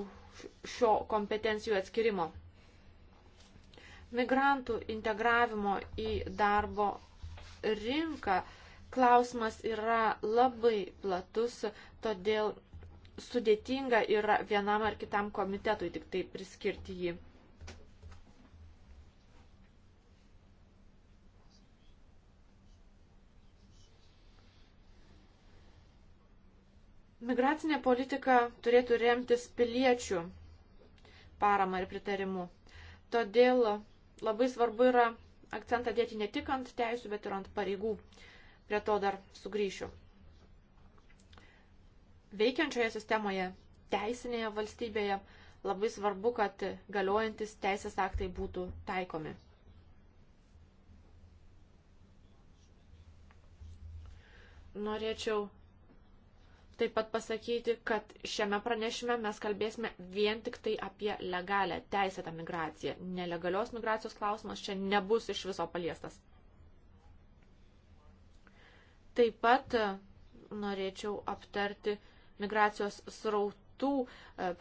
šio kompetencijų atskirimo migrantų integravimo į darbo rinką klausimas yra labai platus, todėl sudėtinga yra vienam ar kitam komitetui tik tai priskirti jį. Migracinė politika turėtų remtis piliečių paramą ir pritarimu. Todėl labai svarbu yra akcentą dėti ne tik ant teisų, bet ir ant pareigų. Prie to dar sugrįšiu. Veikiančioje sistemoje, teisinėje valstybėje labai svarbu, kad galiojantis teisės aktai būtų taikomi. Norėčiau taip pat pasakyti, kad šiame pranešime mes kalbėsime vien tik tai apie legalę, teisėtą migraciją. Nelegalios migracijos klausimas čia nebus iš viso paliestas. Taip pat e, norėčiau aptarti migracijos srautų e,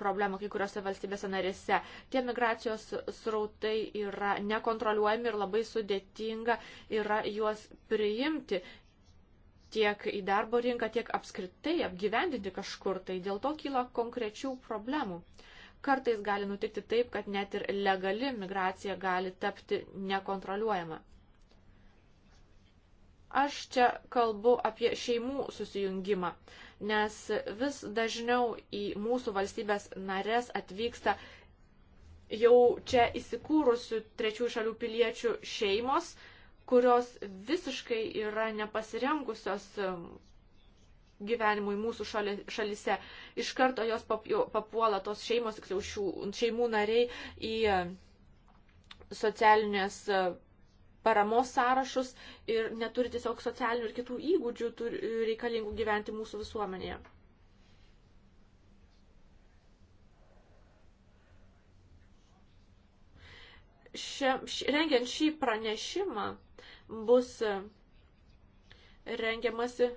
problemą kai kuriuose valstybėse narėse. Tie migracijos srautai yra nekontroliuojami ir labai sudėtinga yra juos priimti tiek į darbo rinką, tiek apskritai apgyvendinti kažkur, tai dėl to kyla konkrečių problemų. Kartais gali nutikti taip, kad net ir legali migracija gali tapti nekontroliuojama. Aš čia kalbu apie šeimų susijungimą, nes vis dažniau į mūsų valstybės narės atvyksta jau čia įsikūrusių trečių šalių piliečių šeimos, kurios visiškai yra nepasirengusios um, gyvenimui mūsų šali, šalise. Iš karto jos papuola tos šeimos, tiksliau šių, šeimų nariai į um, socialinės uh, paramos sąrašus ir neturi tiesiog socialinių ir kitų įgūdžių turi, reikalingų gyventi mūsų visuomenėje. Šia, ši, rengiant šį pranešimą, bus e, rengiamasi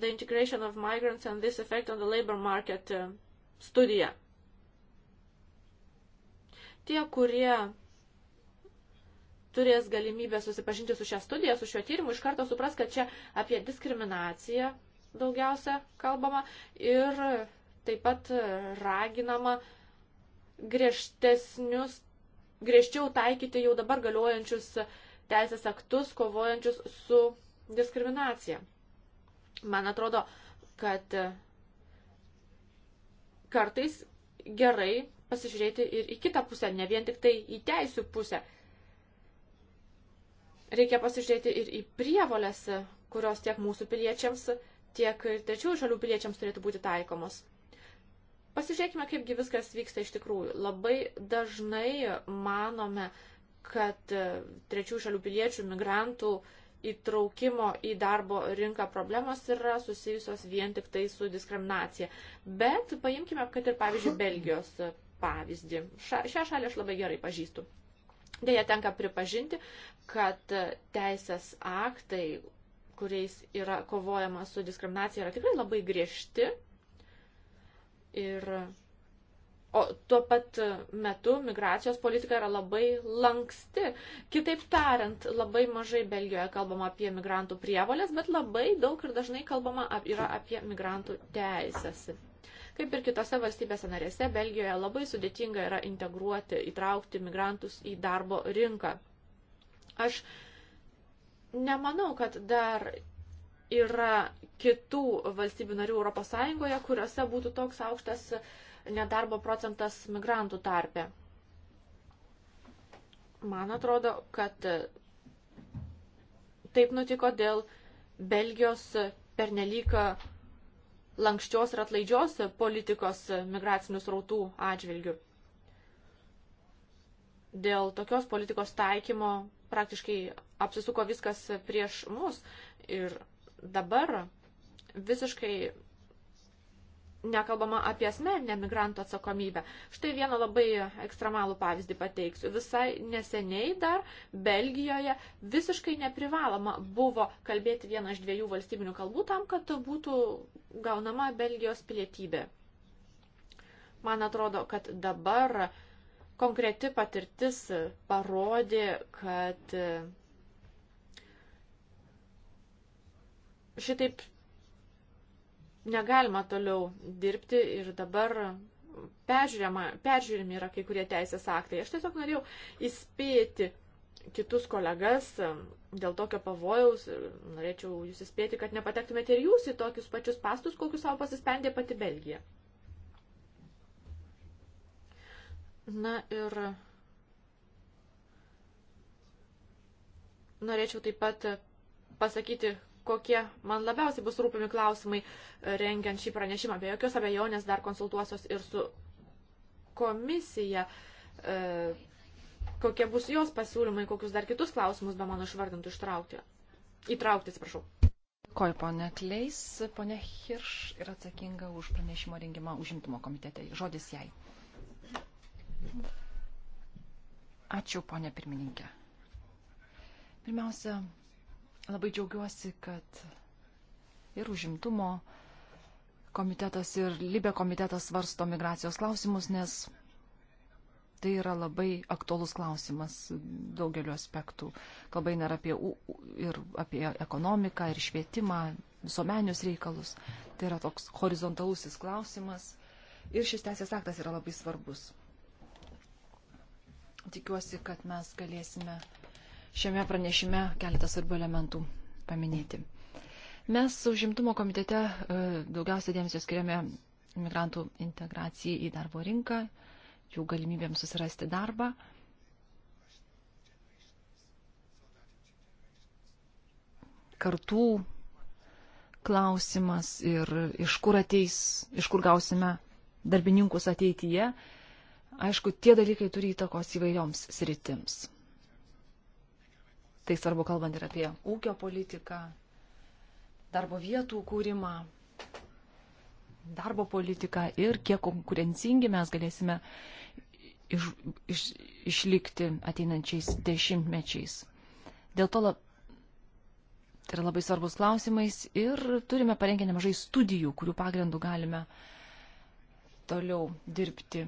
The Integration of Migrants and This Effect on the Labor Market e, studija. Tie, kurie turės galimybę susipažinti su šią studiją, su šiuo tyrimu, iš karto supras, kad čia apie diskriminaciją daugiausia kalbama ir taip pat raginama griežtesnius, griežčiau taikyti jau dabar galiojančius uh, teisės aktus kovojančius su diskriminacija. Man atrodo, kad e, kartais gerai pasižiūrėti ir į kitą pusę, ne vien tik tai į teisų pusę. Reikia pasižiūrėti ir į prievolės, e, kurios tiek mūsų piliečiams, tiek ir trečiųjų šalių piliečiams turėtų būti taikomos. Pasižiūrėkime, kaipgi viskas vyksta iš tikrųjų. Labai dažnai manome, kad e, trečių šalių piliečių, migrantų įtraukimo į darbo rinką problemos yra susijusios vien tik tai su diskriminacija. Bet paimkime, kad ir pavyzdžiui Belgijos pavyzdį. Ša, šią šalį aš labai gerai pažįstu. Deja, tenka pripažinti, kad teisės aktai, kuriais yra kovojama su diskriminacija, yra tikrai labai griežti. Ir O tuo pat metu migracijos politika yra labai lanksti. Kitaip tariant, labai mažai Belgijoje kalbama apie migrantų prievalės, bet labai daug ir dažnai kalbama yra apie migrantų teisės. Kaip ir kitose valstybėse narėse, Belgijoje labai sudėtinga yra integruoti, įtraukti migrantus į darbo rinką. Aš nemanau, kad dar yra kitų valstybių narių ES, kuriuose būtų toks aukštas uh, nedarbo procentas migrantų tarpe. Man atrodo, kad taip nutiko dėl Belgijos pernelyg lankščios ir atlaidžios politikos migracinių srautų atžvilgių. Dėl tokios politikos taikymo praktiškai apsisuko viskas prieš mus ir dabar visiškai nekalbama apie asmeninę migrantų atsakomybę. Štai vieną labai ekstremalų pavyzdį pateiksiu. Visai neseniai dar Belgijoje visiškai neprivaloma buvo kalbėti vieną iš dviejų valstybinių kalbų tam, kad būtų gaunama Belgijos pilietybė. Man atrodo, kad dabar konkreti patirtis parodė, kad šitaip negalima toliau dirbti ir dabar peržiūrimi yra kai kurie teisės aktai. Aš tiesiog norėjau įspėti kitus kolegas dėl tokio pavojaus ir norėčiau jūs įspėti, kad nepatektumėte ir jūs į tokius pačius pastus, kokius savo pasispendė pati Belgija. Na ir norėčiau taip pat pasakyti kokie man labiausiai bus rūpimi klausimai e, rengiant šį pranešimą. Be jokios abejonės dar konsultuosios ir su komisija, e, kokie bus jos pasiūlymai, kokius dar kitus klausimus be mano išvardintų ištraukti. Įtraukti, atsiprašau. Koj, ponė Kleis, ponė Hirš yra atsakinga už pranešimo rengimą užimtumo komitete. Žodis jai. Ačiū, ponė pirmininkė. Pirmiausia, Labai džiaugiuosi, kad ir užimtumo komitetas, ir Libė komitetas svarsto migracijos klausimus, nes tai yra labai aktuolus klausimas daugeliu aspektų. Kalba eina apie, ir apie ekonomiką, ir švietimą, visuomenius reikalus. Tai yra toks horizontalusis klausimas. Ir šis teisės aktas yra labai svarbus. Tikiuosi, kad mes galėsime šiame pranešime keletas svarbių elementų paminėti. Mes užimtumo komitete e, daugiausia dėmesio skiriame migrantų integracijai į darbo rinką, jų galimybėms susirasti darbą. Kartų klausimas ir iš kur ateis, iš kur gausime darbininkus ateityje. Aišku, tie dalykai turi įtakos įvairioms sritims. Tai svarbu kalbant ir apie ūkio politiką, darbo vietų kūrimą, darbo politiką ir kiek konkurencingi mes galėsime iš, iš, išlikti ateinančiais dešimtmečiais. Dėl to lab, tai yra labai svarbus klausimais ir turime parengę nemažai studijų, kurių pagrindų galime toliau dirbti.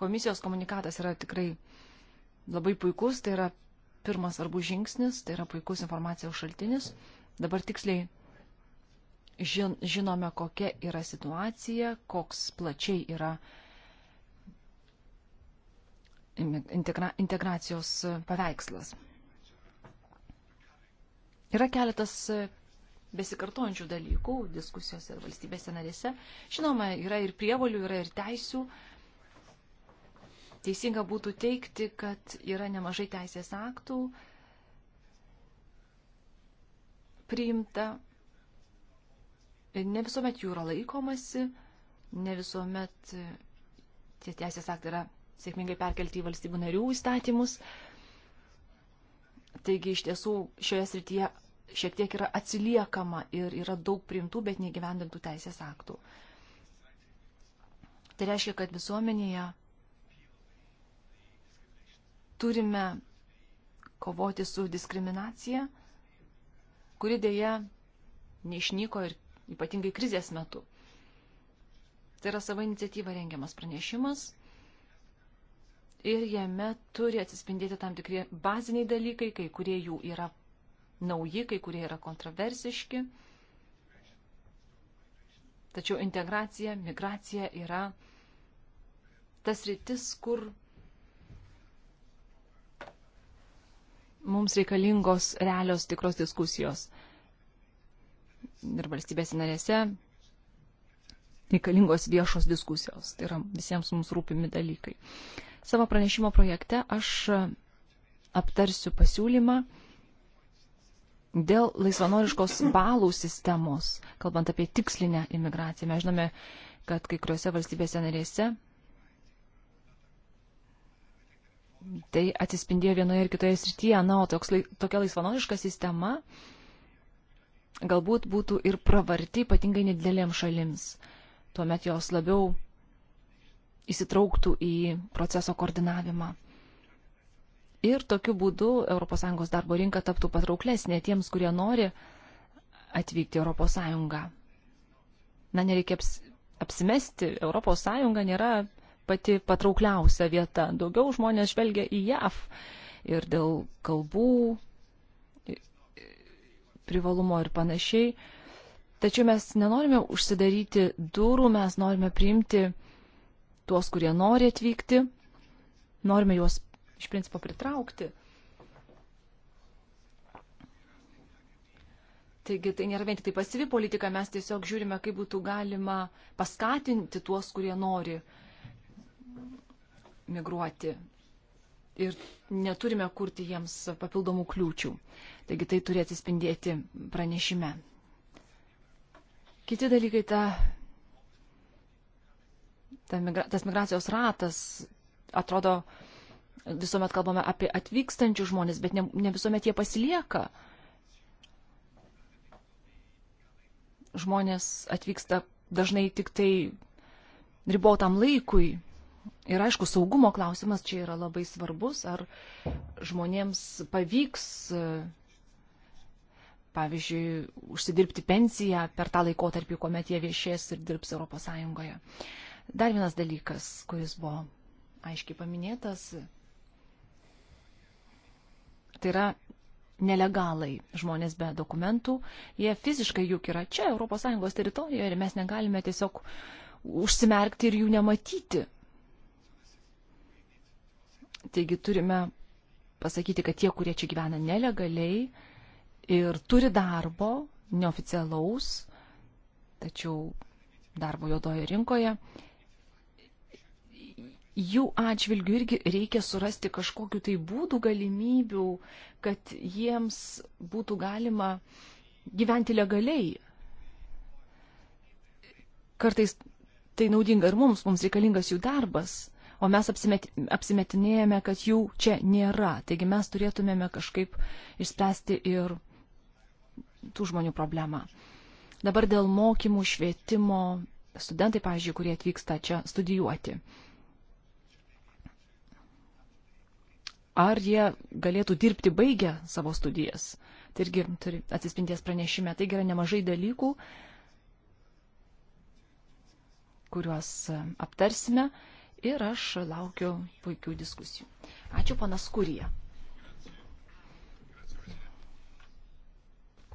Komisijos komunikatas yra tikrai labai puikus, tai yra pirmas svarbus žingsnis, tai yra puikus informacijos šaltinis. Dabar tiksliai žin, žinome, kokia yra situacija, koks plačiai yra integra, integracijos paveikslas. Yra keletas besikartojančių dalykų diskusijose ir valstybėse narėse. Žinoma, yra ir prievolių, yra ir teisių, teisinga būtų teikti, kad yra nemažai teisės aktų priimta ir ne visuomet jų yra laikomasi, ne visuomet tie teisės aktai yra sėkmingai perkelti į valstybių narių įstatymus. Taigi iš tiesų šioje srityje šiek tiek yra atsiliekama ir yra daug priimtų, bet negyvendintų teisės aktų. Tai reiškia, kad visuomenėje turime kovoti su diskriminacija, kuri dėja neišnyko ir ypatingai krizės metu. Tai yra savo iniciatyva rengiamas pranešimas ir jame turi atsispindėti tam tikrie baziniai dalykai, kai kurie jų yra nauji, kai kurie yra kontroversiški. Tačiau integracija, migracija yra tas rytis, kur mums reikalingos realios tikros diskusijos. Ir valstybės narėse reikalingos viešos diskusijos. Tai yra visiems mums rūpimi dalykai. Savo pranešimo projekte aš aptarsiu pasiūlymą dėl laisvanoriškos balų sistemos, kalbant apie tikslinę imigraciją. Mes žinome, kad kai kuriuose valstybėse narėse tai atsispindėjo vienoje ir kitoje srityje. Na, o toks, tokia laisvanoriška sistema galbūt būtų ir pravarti ypatingai nedidelėms šalims. Tuomet jos labiau įsitrauktų į proceso koordinavimą. Ir tokiu būdu ES darbo rinka taptų patrauklesnė tiems, kurie nori atvykti ES. Na, nereikia apsimesti, ES nėra pati patraukliausia vieta. Daugiau žmonės žvelgia į JAV ir dėl kalbų privalumo ir panašiai. Tačiau mes nenorime užsidaryti durų, mes norime priimti tuos, kurie nori atvykti, norime juos iš principo pritraukti. Taigi tai nėra vien tik tai pasyvi politika, mes tiesiog žiūrime, kaip būtų galima paskatinti tuos, kurie nori uh, migruoti ir neturime kurti jiems papildomų kliūčių. Taigi tai turi atsispindėti pranešime. Kiti dalykai ta, ta migra, tas migracijos ratas atrodo visuomet kalbame apie atvykstančius žmonės, bet ne, ne visuomet jie pasilieka. Žmonės atvyksta dažnai tik tai ribotam laikui Ir aišku, saugumo klausimas čia yra labai svarbus, ar žmonėms pavyks, pavyzdžiui, užsidirbti pensiją per tą laikotarpį, kuomet jie viešės ir dirbs ES. Dar vienas dalykas, kuris buvo aiškiai paminėtas, tai yra nelegalai žmonės be dokumentų. Jie fiziškai juk yra čia, ES teritorijoje, ir mes negalime tiesiog užsimerkti ir jų nematyti Taigi turime pasakyti, kad tie, kurie čia gyvena nelegaliai ir turi darbo, neoficialaus, tačiau darbo juodoje rinkoje, jų atžvilgių irgi reikia surasti kažkokiu tai būdų galimybių, kad jiems būtų galima gyventi legaliai. Kartais tai naudinga ir mums, mums reikalingas jų darbas o mes apsimet, apsimetinėjame, kad jų čia nėra. Taigi mes turėtumėme kažkaip išspręsti ir tų žmonių problemą. Dabar dėl mokymų, švietimo, studentai, pavyzdžiui, kurie atvyksta čia studijuoti. Ar jie galėtų dirbti baigę savo studijas? Tai irgi turi atsispindės pranešime. Taigi yra nemažai dalykų, kuriuos aptarsime ir aš laukiu puikių diskusijų. Ačiū, panas Kurija.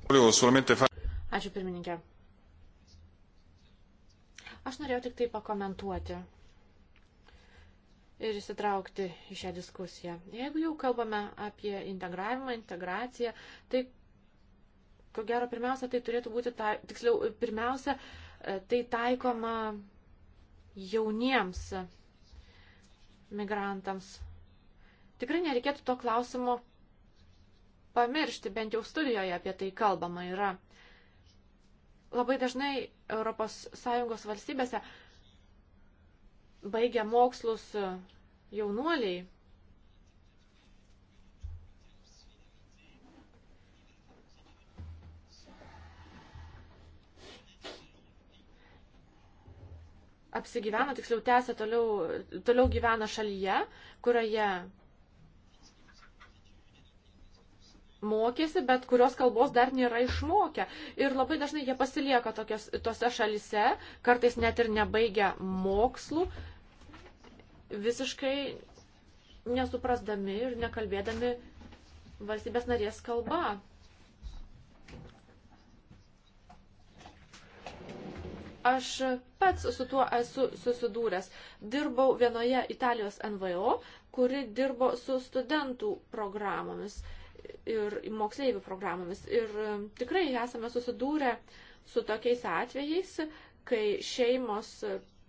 Ačiū, pirmininkė. Aš norėjau tik tai pakomentuoti ir įsitraukti į šią diskusiją. Jeigu jau kalbame apie integravimą, integraciją, tai ko gero pirmiausia, tai turėtų būti, ta, tiksliau, pirmiausia, e, tai taikoma jauniems migrantams. Tikrai nereikėtų to klausimo pamiršti, bent jau studijoje apie tai kalbama yra. Labai dažnai ES valstybėse baigia mokslus jaunuoliai, apsigyveno, tiksliau tęsia toliau, toliau gyvena šalyje, kurioje mokėsi, bet kurios kalbos dar nėra išmokę. Ir labai dažnai jie pasilieka tokios, tose šalise, kartais net ir nebaigia mokslų, visiškai nesuprasdami ir nekalbėdami valstybės narės kalba. Aš pats su tuo esu susidūręs. Dirbau vienoje Italijos NVO, kuri dirbo su studentų programomis ir moksleivių programomis. Ir e, tikrai esame susidūrę su tokiais atvejais, kai šeimos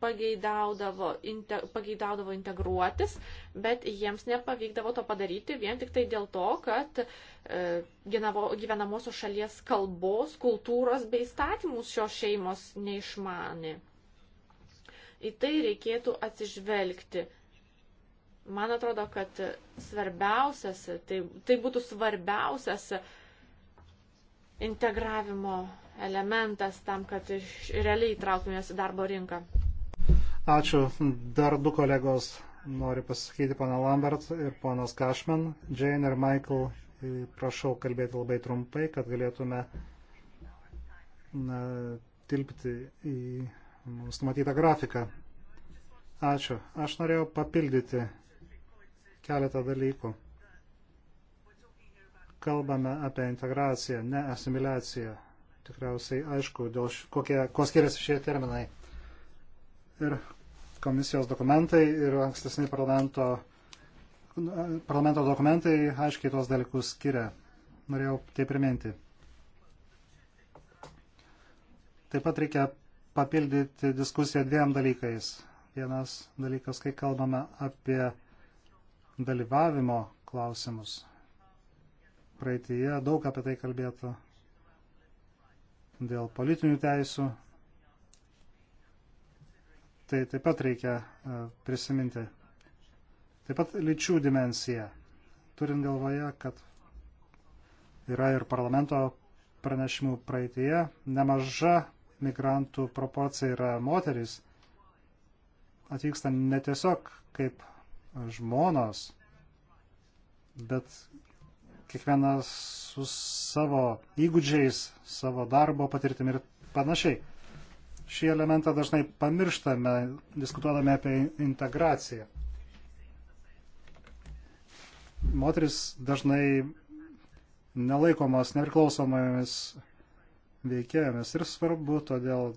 pageidaudavo, inte, pageidaudavo integruotis, bet jiems nepavykdavo to padaryti vien tik tai dėl to, kad e, gyvenamosios šalies kalbos, kultūros bei statymus šios šeimos neišmani. Į tai reikėtų atsižvelgti. Man atrodo, kad svarbiausias, tai, tai būtų svarbiausias integravimo elementas tam, kad realiai įtrauktumės į darbo rinką. Ačiū. Dar du kolegos nori pasakyti, pana Lambert ir ponas Kašman. Jane ir Michael, prašau kalbėti labai trumpai, kad galėtume na, tilpti į mums numatytą grafiką. Ačiū. Aš norėjau papildyti keletą dalykų. Kalbame apie integraciją, ne asimiliaciją. Tikriausiai aišku, dėl š... kokie, ko skiriasi šie terminai. Ir komisijos dokumentai ir ankstesni parlamento, parlamento dokumentai aiškiai tuos dalykus skiria. Norėjau tai priminti. Taip pat reikia papildyti diskusiją dviem dalykais. Vienas dalykas, kai kalbame apie dalyvavimo klausimus. Praeitįje daug apie tai kalbėta dėl politinių teisų Tai taip pat reikia e, prisiminti. Taip pat lyčių dimensija. Turint galvoje, kad yra ir parlamento pranešimų praeitie, nemaža migrantų proporcija yra moteris. Atvyksta ne tiesiog kaip žmonos, bet kiekvienas su savo įgūdžiais, savo darbo patirtimi ir panašiai šį elementą dažnai pamirštame, diskutuodami apie integraciją. Moteris dažnai nelaikomos nepriklausomomis veikėjomis ir svarbu todėl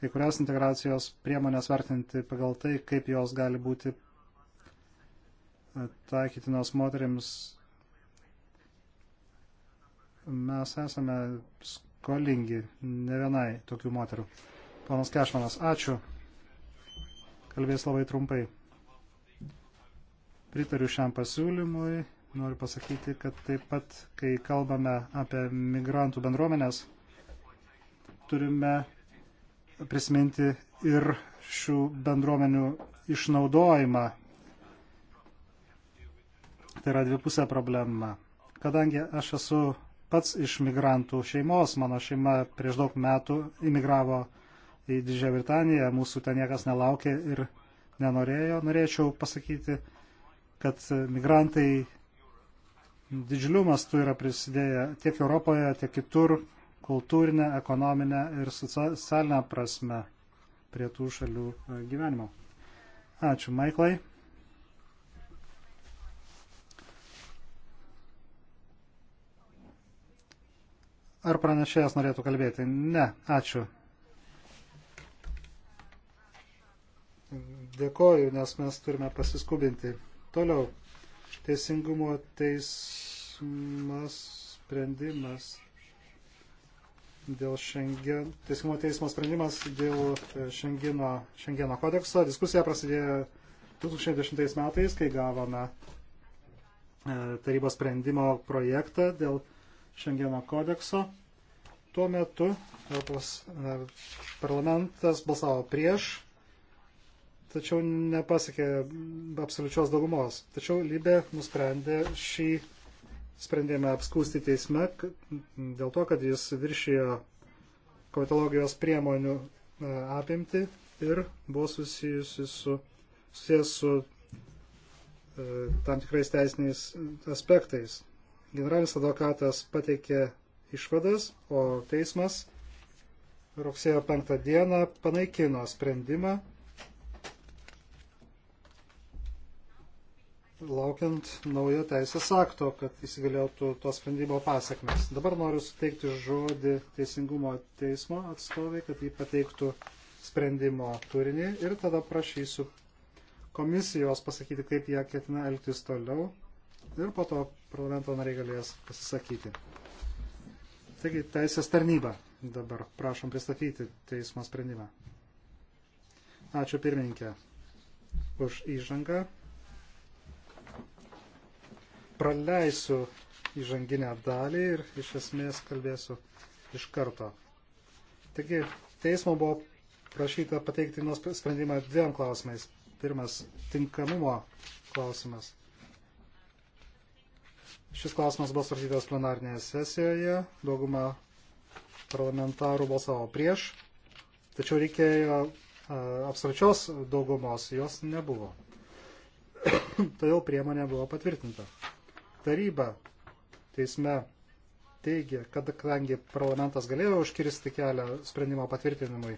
kai kurias integracijos priemonės vertinti pagal tai, kaip jos gali būti taikytinos moteriams mes esame skolingi ne vienai tokių moterų. Ponas Kešmanas, ačiū. Kalbės labai trumpai. Pritariu šiam pasiūlymui. Noriu pasakyti, kad taip pat, kai kalbame apie migrantų bendruomenės, turime prisiminti ir šių bendruomenių išnaudojimą. Tai yra dvipusė problema. Kadangi aš esu pats iš migrantų šeimos. Mano šeima prieš daug metų imigravo į Didžiąją Britaniją, mūsų ten niekas nelaukė ir nenorėjo. Norėčiau pasakyti, kad migrantai didžiuliu mastu yra prisidėję tiek Europoje, tiek kitur kultūrinė, ekonominė ir socialinė prasme prie tų šalių e, gyvenimo. Ačiū, Maiklai. Ar pranešėjas norėtų kalbėti? Ne, ačiū. Dėkoju, nes mes turime pasiskubinti. Toliau. Teisingumo teismas sprendimas dėl šengen, teisingumo teismo sprendimas dėl šengino, e, šengino kodekso. Diskusija prasidėjo 2010 metais, kai gavome e, tarybos sprendimo projektą dėl Šengeno kodekso. Tuo metu Europos parlamentas balsavo prieš, tačiau nepasiekė absoliučios daugumos. Tačiau Libė nusprendė šį sprendėme apskūsti teisme dėl to, kad jis viršijo komitologijos priemonių e, apimti ir buvo susijusi su, susijęs su e, tam tikrais teisiniais aspektais. Generalinis advokatas pateikė išvadas, o teismas rugsėjo 5 dieną panaikino sprendimą, laukiant naujo teisės akto, kad įsigaliotų to sprendimo pasiekmes. Dabar noriu suteikti žodį Teisingumo teismo atstovai, kad jį pateiktų sprendimo turinį ir tada prašysiu komisijos pasakyti, kaip jie ketina elgtis toliau ir po to parlamento nariai galės pasisakyti. Taigi, teisės tarnyba dabar. Prašom pristatyti teismo sprendimą. Ačiū pirmininkė už įžangą. Praleisiu įžanginę dalį ir iš esmės kalbėsiu iš karto. Taigi, teismo buvo prašyta pateikti nuo sprendimą dviem klausimais. Pirmas - tinkamumo klausimas. Šis klausimas buvo svarstytas plenarnėje sesijoje. Dauguma parlamentarų balsavo prieš, tačiau reikėjo e, absoliučios daugumos, jos nebuvo. Todėl priemonė buvo patvirtinta. Taryba teisme teigia, kad kadangi parlamentas galėjo užkirsti kelią sprendimo patvirtinimui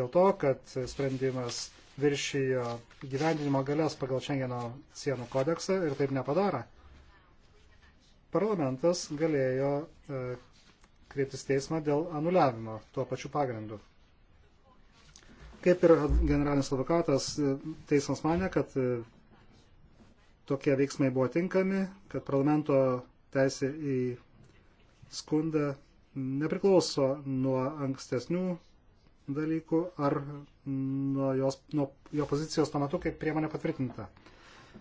dėl to, kad sprendimas viršijo gyvendinimo galias pagal Šengeno sienų kodeksą ir taip nepadara, parlamentas galėjo e, kreiptis teismą dėl anuliavimo tuo pačiu pagrindu. Kaip ir generalinis advokatas, e, teismas mane, kad e, tokie veiksmai buvo tinkami, kad parlamento teisė į skundą nepriklauso nuo ankstesnių dalykų ar nuo, jos, nuo jo pozicijos tuo metu, kaip priemonė patvirtinta.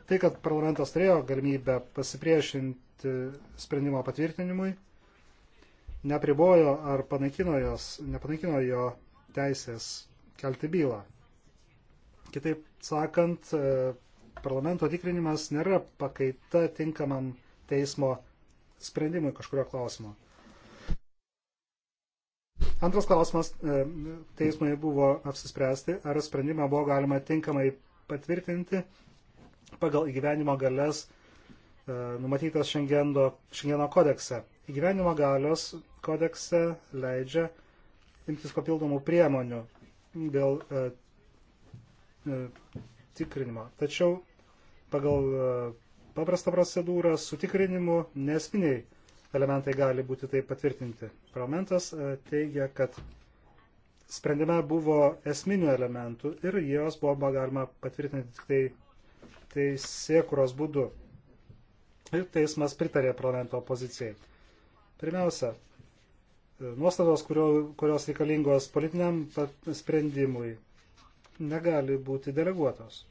Tai, kad parlamentas turėjo galimybę pasipriešinti sprendimo patvirtinimui, nepribojo ar panaikino, jos, nepanaikino jo teisės kelti bylą. Kitaip sakant, e, parlamento tikrinimas nėra pakaita tinkamam teismo sprendimui kažkurio klausimo. Antras klausimas e, teismui buvo apsispręsti, ar sprendimą buvo galima tinkamai patvirtinti pagal įgyvenimo galės e, numatytas Šengeno, Šengeno kodekse. Įgyvenimo galios kodekse leidžia imtis papildomų priemonių dėl e, e, tikrinimo. Tačiau pagal e, paprastą procedūrą su tikrinimu nesminiai elementai gali būti tai patvirtinti. Parlamentas e, teigia, kad sprendime buvo esminių elementų ir jos buvo galima patvirtinti tik tai teisėkuros būdu. Ir teismas pritarė parlamento pozicijai. Pirmiausia, nuostatos, kurio, kurios reikalingos politiniam sprendimui, negali būti deleguotos.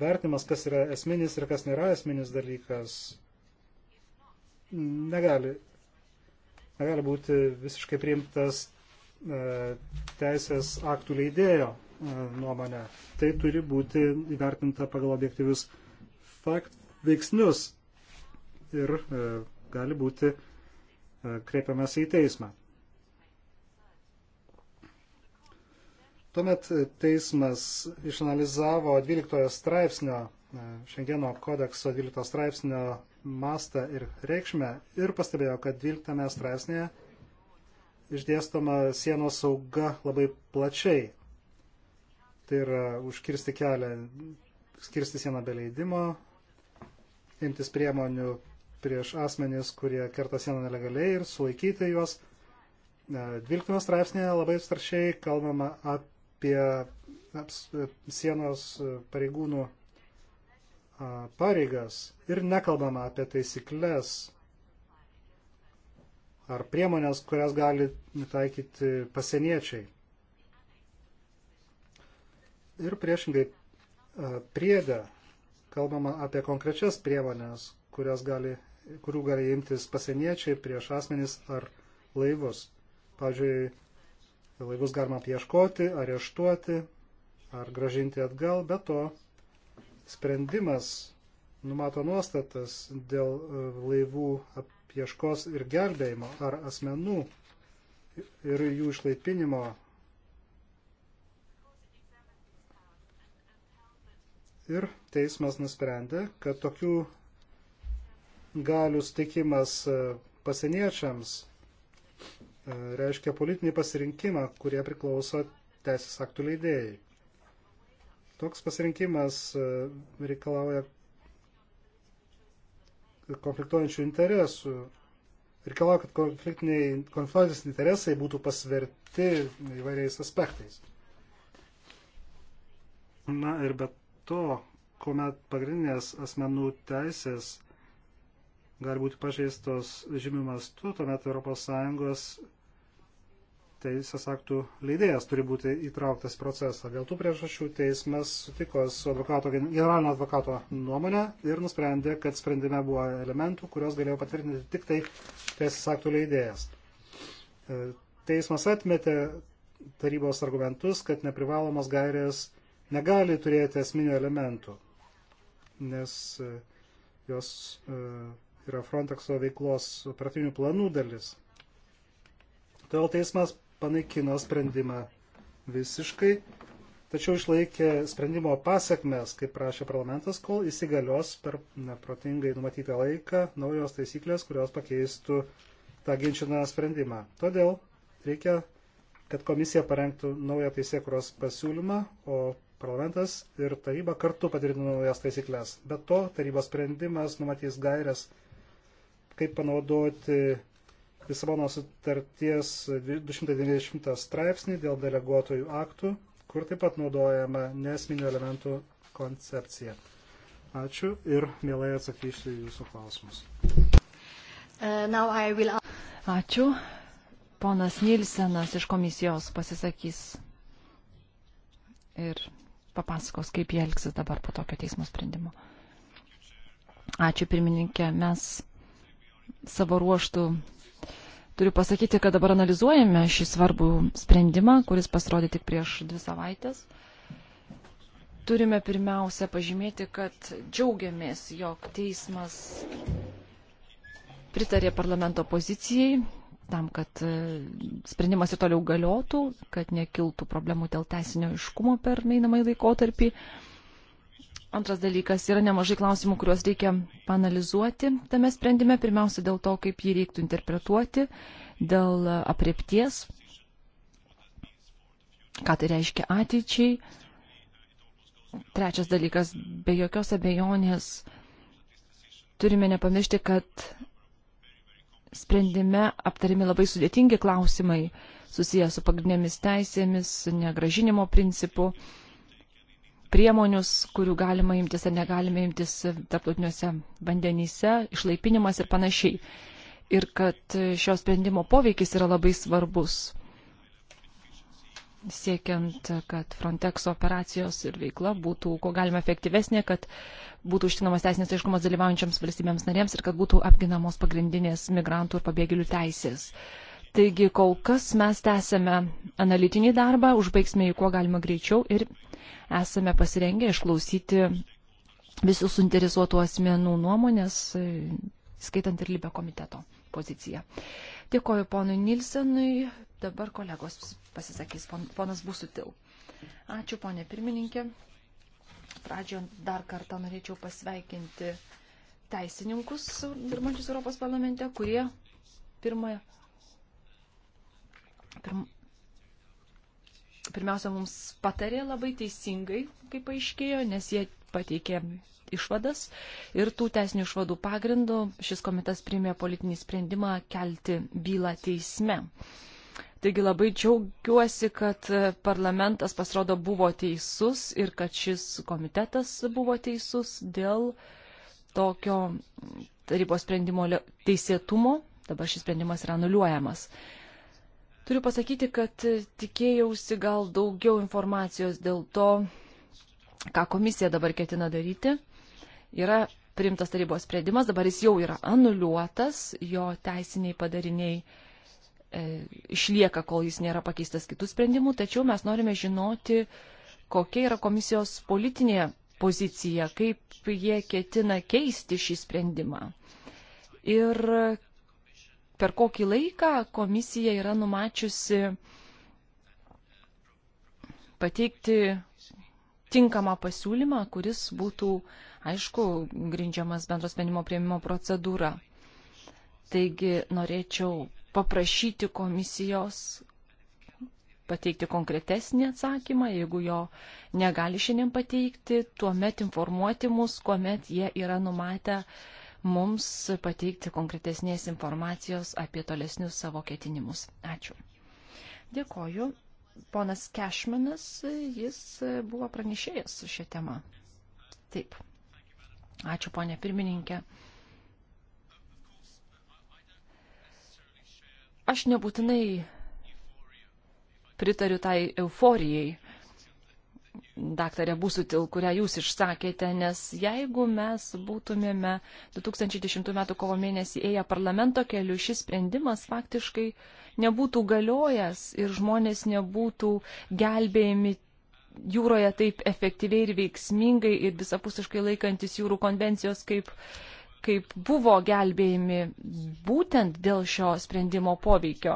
Vertimas, kas yra esminis ir kas nėra esminis dalykas, negali, negali būti visiškai priimtas e, teisės aktų leidėjo nuomonę. Tai turi būti įvertinta pagal objektyvius fakt veiksnius ir e, gali būti e, kreipiamas į teismą. Tuomet teismas išanalizavo 12 straipsnio, e, Šengeno kodekso 12 straipsnio mastą ir reikšmę ir pastebėjo, kad 12 straipsnėje išdėstoma sienos sauga labai plačiai. Tai yra užkirsti kelią, skirsti sieną be leidimo, imtis priemonių prieš asmenys, kurie kerta sieną nelegaliai ir sulaikyti juos. 12 straipsnėje labai staršiai kalbama apie sienos pareigūnų pareigas ir nekalbama apie taisyklės ar priemonės, kurias gali taikyti pasieniečiai. Ir priešingai priedė kalbama apie konkrečias priemonės, gali, kurių gali imtis pasieniečiai prieš asmenys ar laivus. Pavyzdžiui, laivus galima apieškoti, areštuoti ar gražinti atgal, bet to sprendimas numato nuostatas dėl e, laivų apieškos ir gelbėjimo ar asmenų ir jų išlaipinimo ir teismas nusprendė, kad tokių galių stikimas e, pasieniečiams e, reiškia politinį pasirinkimą, kurie priklauso teisės aktų leidėjai. Toks pasirinkimas e, reikalauja konfliktuojančių interesų. Reikalauja, kad konfliktiniai interesai būtų pasverti įvairiais aspektais. Na ir bet to, kuomet pagrindinės asmenų teisės gali būti pažeistos žymių mastų, tuomet ES teisės aktų leidėjas turi būti įtrauktas į procesą. Dėl tų priežasčių teismas sutiko su advokato, generalinio advokato nuomonė ir nusprendė, kad sprendime buvo elementų, kurios galėjo patvirtinti tik tai teisės aktų leidėjas. E, teismas atmetė tarybos argumentus, kad neprivalomas gairės negali turėti esminių elementų, nes e, jos e, yra Frontexo veiklos operatyvinių planų dalis. Todėl teismas panaikino sprendimą visiškai, tačiau išlaikė sprendimo pasiekmes, kaip prašė parlamentas, kol įsigalios per neprotingai numatytą laiką naujos taisyklės, kurios pakeistų tą ginčiną sprendimą. Todėl reikia, kad komisija parengtų naują teisėkuros pasiūlymą, o Parlamentas ir taryba kartu patvirtino naujas taisyklės. Be to, tarybos sprendimas numatys gairias, kaip panaudoti Lisabono sutarties 290 straipsnį dėl deleguotojų aktų, kur taip pat naudojama nesminių elementų koncepcija. Ačiū ir mielai atsakysiu jūsų klausimus. Uh, will... Ačiū. Ponas Nilsenas iš komisijos pasisakys. Ir papasakos, kaip jie elgsis dabar po tokio teismo sprendimo. Ačiū pirmininkė, mes savo ruoštų turiu pasakyti, kad dabar analizuojame šį svarbų sprendimą, kuris pasirodė tik prieš dvi savaitės. Turime pirmiausia pažymėti, kad džiaugiamės, jog teismas pritarė parlamento pozicijai tam, kad e, sprendimas ir toliau galiotų, kad nekiltų problemų dėl teisinio iškumo per einamąjį laikotarpį. Antras dalykas yra nemažai klausimų, kuriuos reikia panalizuoti tame sprendime. Pirmiausia, dėl to, kaip jį reiktų interpretuoti, dėl apriepties, ką tai reiškia ateičiai. Trečias dalykas, be jokios abejonės turime nepamiršti, kad sprendime aptarimi labai sudėtingi klausimai susijęs su pagrindinėmis teisėmis, negražinimo principu, priemonius, kurių galima imtis ar negalime imtis tarptautiniuose vandenyse, išlaipinimas ir panašiai. Ir kad šio sprendimo poveikis yra labai svarbus siekiant, kad Frontex operacijos ir veikla būtų kuo galima efektyvesnė, kad būtų užtinamas teisinės aiškumas dalyvaujančiams valstybėms narėms ir kad būtų apginamos pagrindinės migrantų ir pabėgėlių teisės. Taigi kol kas mes tęsėme analitinį darbą, užbaigsime jį kuo galima greičiau ir esame pasirengę išklausyti visų suinteresuotų asmenų nuomonės, skaitant ir Libė komiteto poziciją. Dėkoju ponui Nilsenui, Dabar kolegos pasisakys, ponas Busutil. Ačiū, ponė pirmininkė. Pradžio dar kartą norėčiau pasveikinti teisininkus dirbančius Europos parlamente, kurie pirmą, pirm, pirmiausia mums patarė labai teisingai, kaip paaiškėjo, nes jie pateikė išvadas ir tų teisinių išvadų pagrindų šis komitetas priėmė politinį sprendimą kelti bylą teisme. Uh, Taigi labai džiaugiuosi, kad parlamentas pasirodo buvo teisus ir kad šis komitetas buvo teisus dėl tokio tarybos sprendimo teisėtumo. Dabar šis sprendimas yra nuliuojamas. Turiu pasakyti, kad tikėjausi gal daugiau informacijos dėl to, ką komisija dabar ketina daryti. Yra primtas tarybos sprendimas, dabar jis jau yra anuliuotas, jo teisiniai padariniai E, išlieka, kol jis nėra pakeistas kitų sprendimų, tačiau mes norime žinoti, kokia yra komisijos politinė pozicija, kaip jie ketina keisti šį sprendimą. Ir per kokį laiką komisija yra numačiusi pateikti tinkamą pasiūlymą, kuris būtų, aišku, grindžiamas bendros sprendimo prieimimo procedūra. Taigi norėčiau paprašyti komisijos pateikti konkretesnį atsakymą, jeigu jo negali šiandien pateikti, tuomet informuoti mus, kuomet jie yra numatę mums pateikti konkretesnės informacijos apie tolesnius savo ketinimus. Ačiū. Dėkoju. Ponas Kešmanas, jis buvo pranešėjęs šią temą. Taip. Ačiū, ponė pirmininkė. Aš nebūtinai pritariu tai euforijai, daktarė Busutil, kurią jūs išsakėte, nes jeigu mes būtumėme 2010 m. kovo mėnesį ėję parlamento keliu, šis sprendimas faktiškai nebūtų galiojęs ir žmonės nebūtų gelbėjami jūroje taip efektyviai ir veiksmingai ir visapusiškai laikantis jūrų konvencijos kaip uh, kaip buvo gelbėjami būtent dėl šio sprendimo poveikio.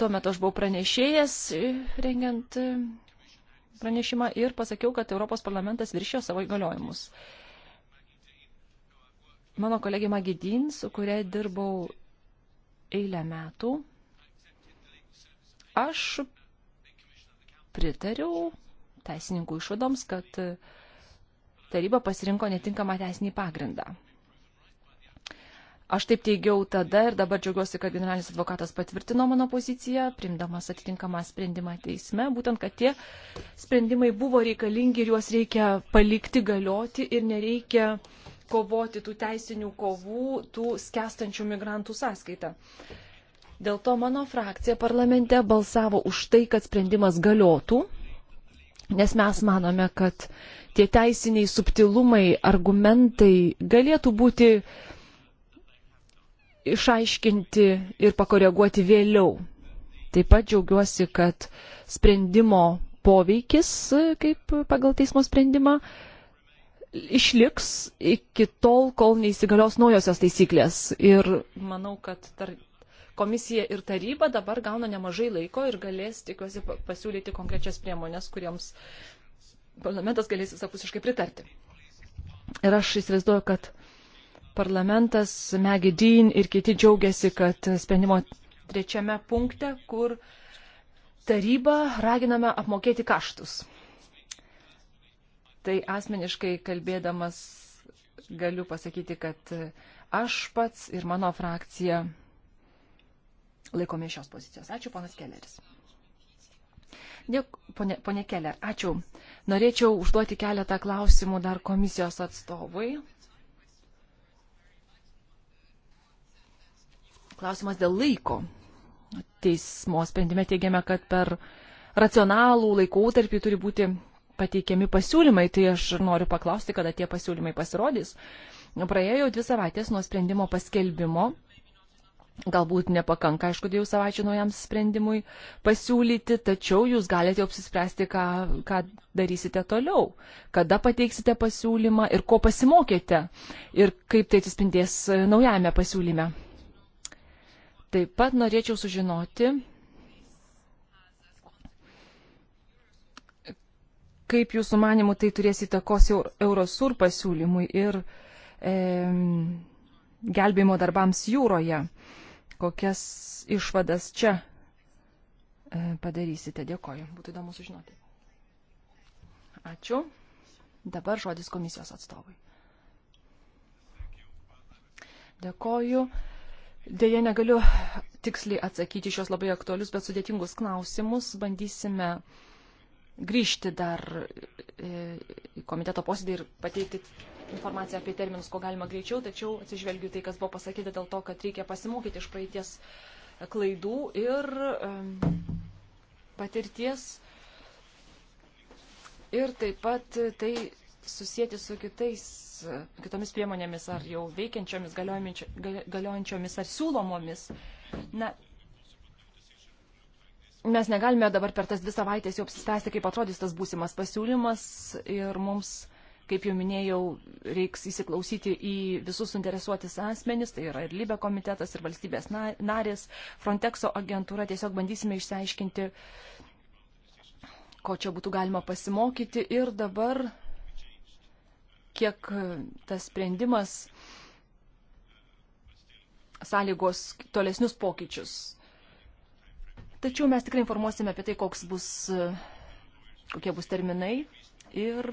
Tuo metu aš buvau pranešėjęs e, rengiant e, pranešimą ir pasakiau, kad Europos parlamentas viršėjo savo įgaliojimus. Mano kolegė Magidin, su kuria dirbau eilę metų, aš pritariau teisininkų išvadoms, kad taryba pasirinko netinkamą teisinį pagrindą. Aš taip teigiau tada ir dabar džiaugiuosi, kad generalinis advokatas patvirtino mano poziciją, primdamas atitinkamą sprendimą teisme, būtent, kad tie sprendimai buvo reikalingi ir juos reikia palikti galioti ir nereikia kovoti tų teisinių kovų, tų skestančių migrantų sąskaitą. Dėl to mano frakcija parlamente balsavo už tai, kad sprendimas galiotų, nes mes manome, kad tie teisiniai subtilumai, argumentai galėtų būti uh, išaiškinti ir pakoreguoti vėliau. Taip pat džiaugiuosi, kad sprendimo poveikis, kaip pagal teismo sprendimą, išliks iki tol, kol neįsigalios naujosios taisyklės. Ir manau, kad tar... komisija ir taryba dabar gauna nemažai laiko ir galės, tikiuosi, pasiūlyti konkrečias priemonės, kuriems parlamentas galės visapusiškai pritarti. Ir aš įsivaizduoju, kad parlamentas, Megi Dean ir kiti džiaugiasi, kad sprendimo trečiame punkte, kur tarybą raginame apmokėti kaštus. Tai asmeniškai kalbėdamas galiu pasakyti, kad aš pats ir mano frakcija laikomė šios pozicijos. Ačiū, ponas Kelleris. Dėk, ponė, ponė Keller, ačiū. Norėčiau užduoti keletą klausimų dar komisijos atstovui. Klausimas dėl laiko. Teismo sprendime teigiame, kad per racionalų laikotarpį turi būti pateikiami pasiūlymai, tai aš noriu paklausti, kada tie pasiūlymai pasirodys. Praėjo dvi savaitės nuo sprendimo paskelbimo. Galbūt nepakanka, aišku, dviejų savaičių naujam sprendimui pasiūlyti, tačiau jūs galite apsispręsti, ką, ką darysite toliau, kada pateiksite pasiūlymą ir ko pasimokėte ir kaip tai atsispindės naujame pasiūlyme. Taip pat norėčiau sužinoti, kaip jūsų manimų tai turės įtakos Eurosur pasiūlymui ir e, gelbėjimo darbams jūroje. Kokias išvadas čia e, padarysite? Dėkoju. Būtų įdomu sužinoti. Ačiū. Dabar žodis komisijos atstovui. Dėkoju. Deja, negaliu tiksliai atsakyti šios labai aktualius, bet sudėtingus klausimus. Bandysime grįžti dar e, į komiteto posėdį ir pateikti informaciją apie terminus, ko galima greičiau, tačiau atsižvelgiu tai, kas buvo pasakyta dėl to, kad reikia pasimokyti iš praeities klaidų ir e, patirties. Ir taip pat tai susijęti su kitais, kitomis priemonėmis, ar jau veikiančiomis, galiojančiomis, ar siūlomomis. Na, mes negalime dabar per tas dvi savaitės jau apsispręsti, kaip atrodys tas būsimas pasiūlymas ir mums, kaip jau minėjau, reiks įsiklausyti į visus suinteresuotis asmenys, tai yra ir Libė komitetas, ir valstybės narės, Frontexo agentūra, tiesiog bandysime išsiaiškinti, ko čia būtų galima pasimokyti ir dabar kiek e, tas sprendimas sąlygos tolesnius pokyčius. Tačiau mes tikrai informuosime apie tai, koks bus, e, kokie bus terminai. Ir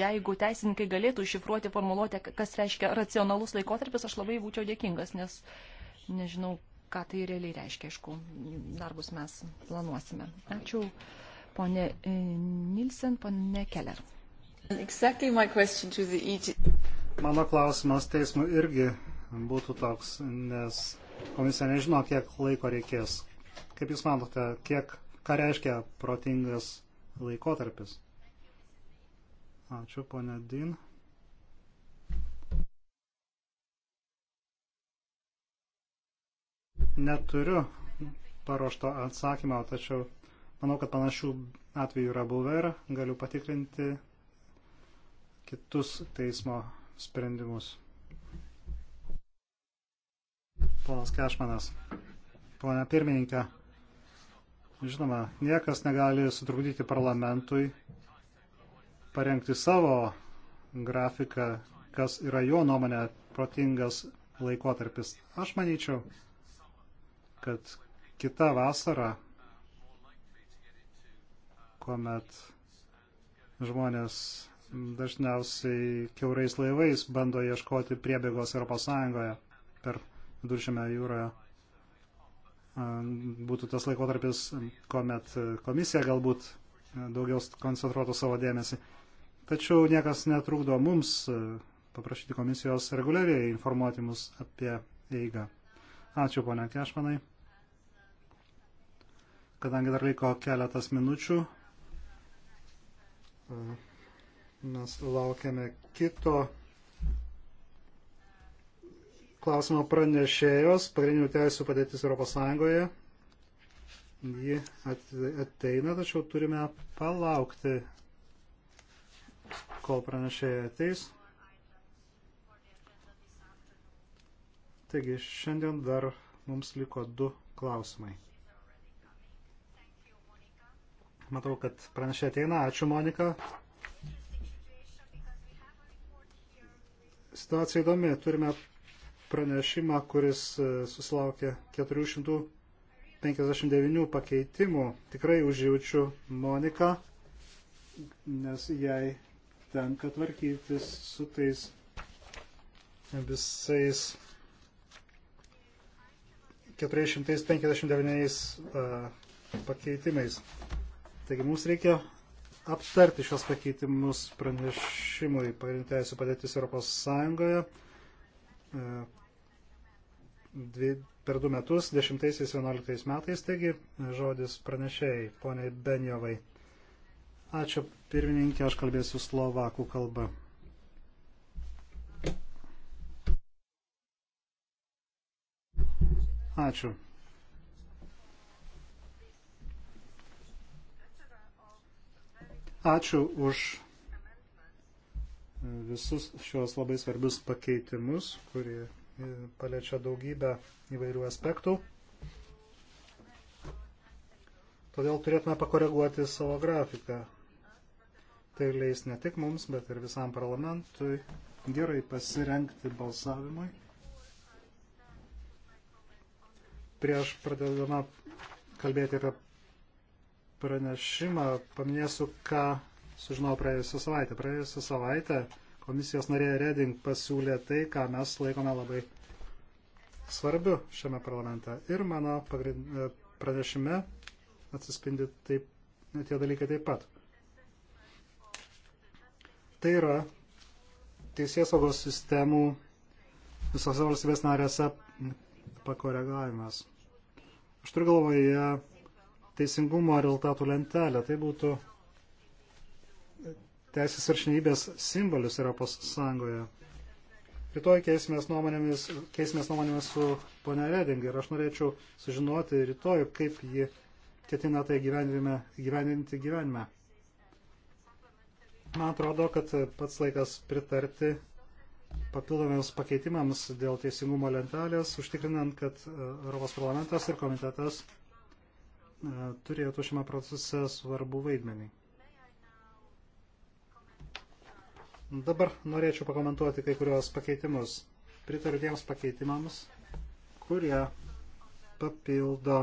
jeigu teisininkai galėtų iššifruoti formuluotę, kas reiškia racionalus laikotarpis, aš labai būčiau dėkingas, nes nežinau, ką tai realiai reiškia, aišku, darbus mes planuosime. Ačiū, ponė e, Nilsen, ponė Keller. Exactly e Mano klausimas teismui irgi būtų toks, nes komisija nežino, kiek laiko reikės. Kaip Jūs manote, kiek, ką reiškia protingas laikotarpis? Ačiū, ponė Din. Neturiu paruošto atsakymo, tačiau manau, kad panašių atvejų yra buvę ir galiu patikrinti kitus teismo sprendimus. Ponas Kešmanas, pone pirmininkė, žinoma, niekas negali sutrukdyti parlamentui parengti savo grafiką, kas yra jo nuomonė protingas laikotarpis. Aš manyčiau, kad kita vasara, kuomet žmonės dažniausiai keurais laivais bando ieškoti priebėgos ES per viduržėmę jūroje. Būtų tas laikotarpis, kuomet komisija galbūt daugiau koncentruotų savo dėmesį. Tačiau niekas netrukdo mums paprašyti komisijos reguliariai informuoti mus apie eigą. Ačiū, ponia Kešmanai. Kadangi dar liko keletas minučių, Mes laukiame kito klausimo pranešėjos, pagrindinių teisų padėtis ES. Ji ateina, tačiau turime palaukti, kol pranešėja ateis. Taigi, šiandien dar mums liko du klausimai. Matau, kad pranešė ateina. Ačiū, Monika. Situacija įdomi. Turime pranešimą, kuris e, susilaukė 459 pakeitimų. Tikrai užjaučiu Moniką, nes jai tenka tvarkytis su tais visais 459 e, pakeitimais. Taigi mums reikia aptarti šios pakeitimus pranešimui pagrindinių teisų padėtis Europos Sąjungoje e, dvi, per du metus, 10-11 metais, taigi e, žodis pranešėjai, poniai Benjovai. Ačiū pirmininkė, aš kalbėsiu slovakų kalbą. Ačiū. Ačiū už visus šios labai svarbius pakeitimus, kurie e, paliečia daugybę įvairių aspektų. Todėl turėtume pakoreguoti savo grafiką. Tai leis ne tik mums, bet ir visam parlamentui gerai pasirenkti balsavimui. Prieš pradedama kalbėti apie pranešimą, paminėsiu, ką sužinojau praėjusią savaitę. Praėjusią savaitę komisijos narė Reding pasiūlė tai, ką mes laikome labai svarbiu šiame parlamente. Ir mano e, pranešime atsispindi taip, tie dalykai taip pat. Tai yra teisėsaugos sistemų visose valstybės narėse pakoregavimas. Aš turiu galvoje teisingumo rezultatų lentelę. Tai būtų teisės viršinybės simbolis Europos Sąjungoje. Rytoj keisimės nuomonėmis, keisimės nuomonėmis su ponia Reding ir aš norėčiau sužinoti rytoj, kaip ji ketina tai gyveninti gyvenime. Man atrodo, kad pats laikas pritarti papildomiams pakeitimams dėl teisingumo lentelės, užtikrinant, kad Europos parlamentas ir komitetas E, turėtų šiame procese svarbu vaidmenį. Dabar norėčiau pakomentuoti kai kurios pakeitimus. Pritariu tiems pakeitimams, kurie papildo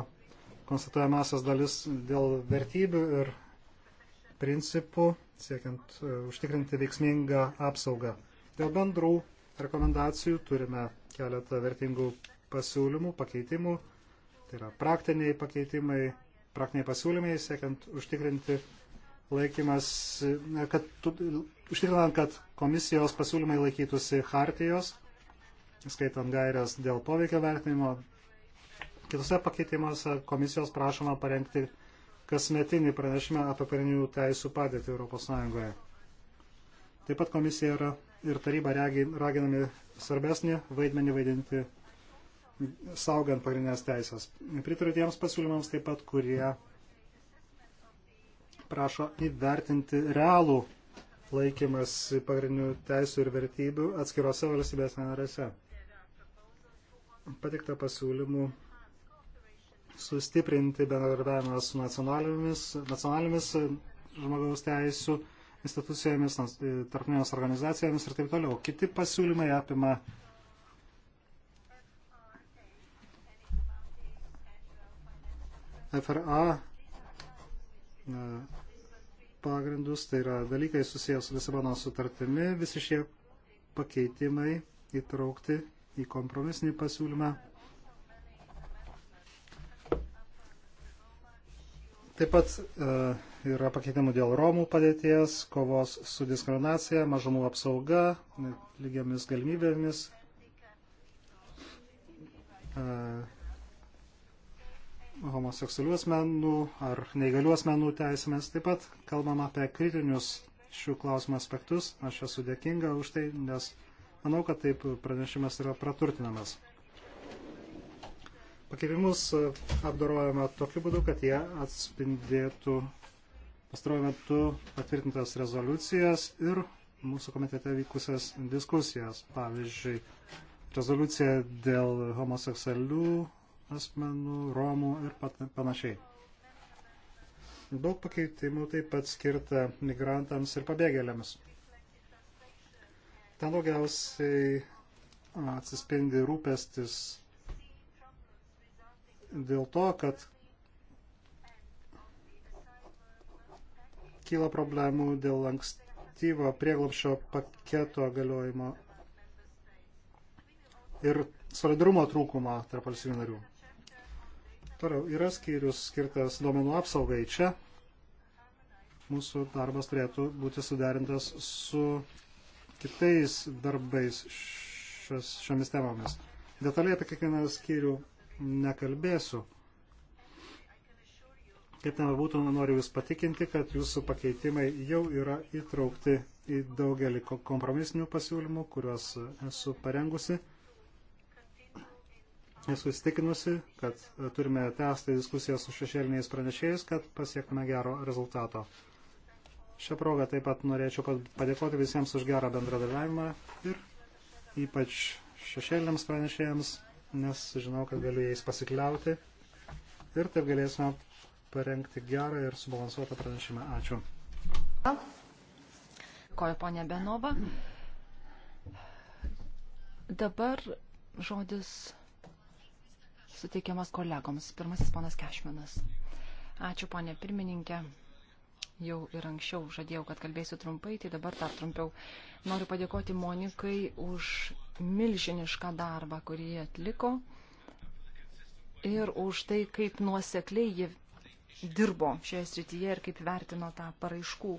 konstatuojamasias dalis dėl vertybių ir principų, siekiant e, užtikrinti veiksmingą apsaugą. Dėl bendrų rekomendacijų turime keletą vertingų pasiūlymų, pakeitimų, tai yra praktiniai pakeitimai, praktiniai pasiūlymai, siekiant užtikrinti laikymas, e, kad, užtikrinant, kad komisijos pasiūlymai laikytųsi hartijos, skaitant gairias dėl poveikio vertinimo. Kitose pakeitimuose komisijos prašoma parengti kasmetinį pranešimą apie karinių teisų padėtį ES. Taip pat komisija yra ir taryba raginami svarbesnį vaidmenį vaidinti saugant pagrindinės teisės. Pritariu tiems pasiūlymams taip pat, kurie prašo įvertinti realų laikymas pagrindinių teisų ir vertybių atskirose valstybės narėse. Patikta pasiūlymų sustiprinti bendradarbiavimą su nacionalinėmis, nacionalinėmis žmogaus teisų institucijomis, tarptautinėmis organizacijomis ir taip toliau. Kiti pasiūlymai apima FRA pagrindus, tai yra dalykai susijęs su Lisabono sutartimi, visi šie pakeitimai įtraukti į kompromisinį pasiūlymą. Taip pat e, yra pakeitimų dėl Romų padėties, kovos su diskriminacija, mažumų apsauga, lygiamis galimybėmis homoseksualių asmenų ar neįgalių asmenų teisėmis. Taip pat kalbam apie kritinius šių klausimų aspektus. Aš esu dėkinga už tai, nes manau, kad taip pranešimas yra praturtinamas. Pakeitimus apdorojame tokiu būdu, kad jie atspindėtų pastaruoju metu patvirtintas rezoliucijas ir mūsų komitete vykusias diskusijas. Pavyzdžiui, rezoliucija dėl homoseksualių asmenų, romų ir panašiai. Daug pakeitimų taip pat skirta migrantams ir pabėgėliams. Ten daugiausiai atsispindi rūpestis dėl to, kad kyla problemų dėl ankstyvo prieglapšio paketo galiojimo ir solidarumo trūkumo tarp valstybių narių. Toliau yra skyrius skirtas duomenų apsaugai. Čia mūsų darbas turėtų būti suderintas su kitais darbais šios, šiomis temomis. Detaliai apie kiekvieną skyrių nekalbėsiu. Kaip nebūtų, noriu Jūs patikinti, kad Jūsų pakeitimai jau yra įtraukti į daugelį kompromisinių pasiūlymų, kuriuos esu parengusi. Esu įstikinusi, kad e, turime tęsti diskusiją su šešėliniais pranešėjais, kad pasiektume gero rezultato. Šią progą taip pat norėčiau padėkoti visiems už gerą bendradarbiavimą ir ypač šešėliniams pranešėjams, nes žinau, kad galiu jais pasikliauti ir taip galėsime parengti gerą ir subalansuotą pranešimą. Ačiū. Dėkoju, ponė Benova. Dabar žodis suteikiamas kolegoms. Pirmasis ponas Kešminas. Ačiū, ponė pirmininkė. Jau ir anksčiau žadėjau, kad kalbėsiu trumpai, tai dabar dar trumpiau. Noriu padėkoti Monikai už milžinišką darbą, kurį jie atliko ir už tai, kaip nuosekliai jie dirbo šioje srityje ir kaip vertino tą paraiškų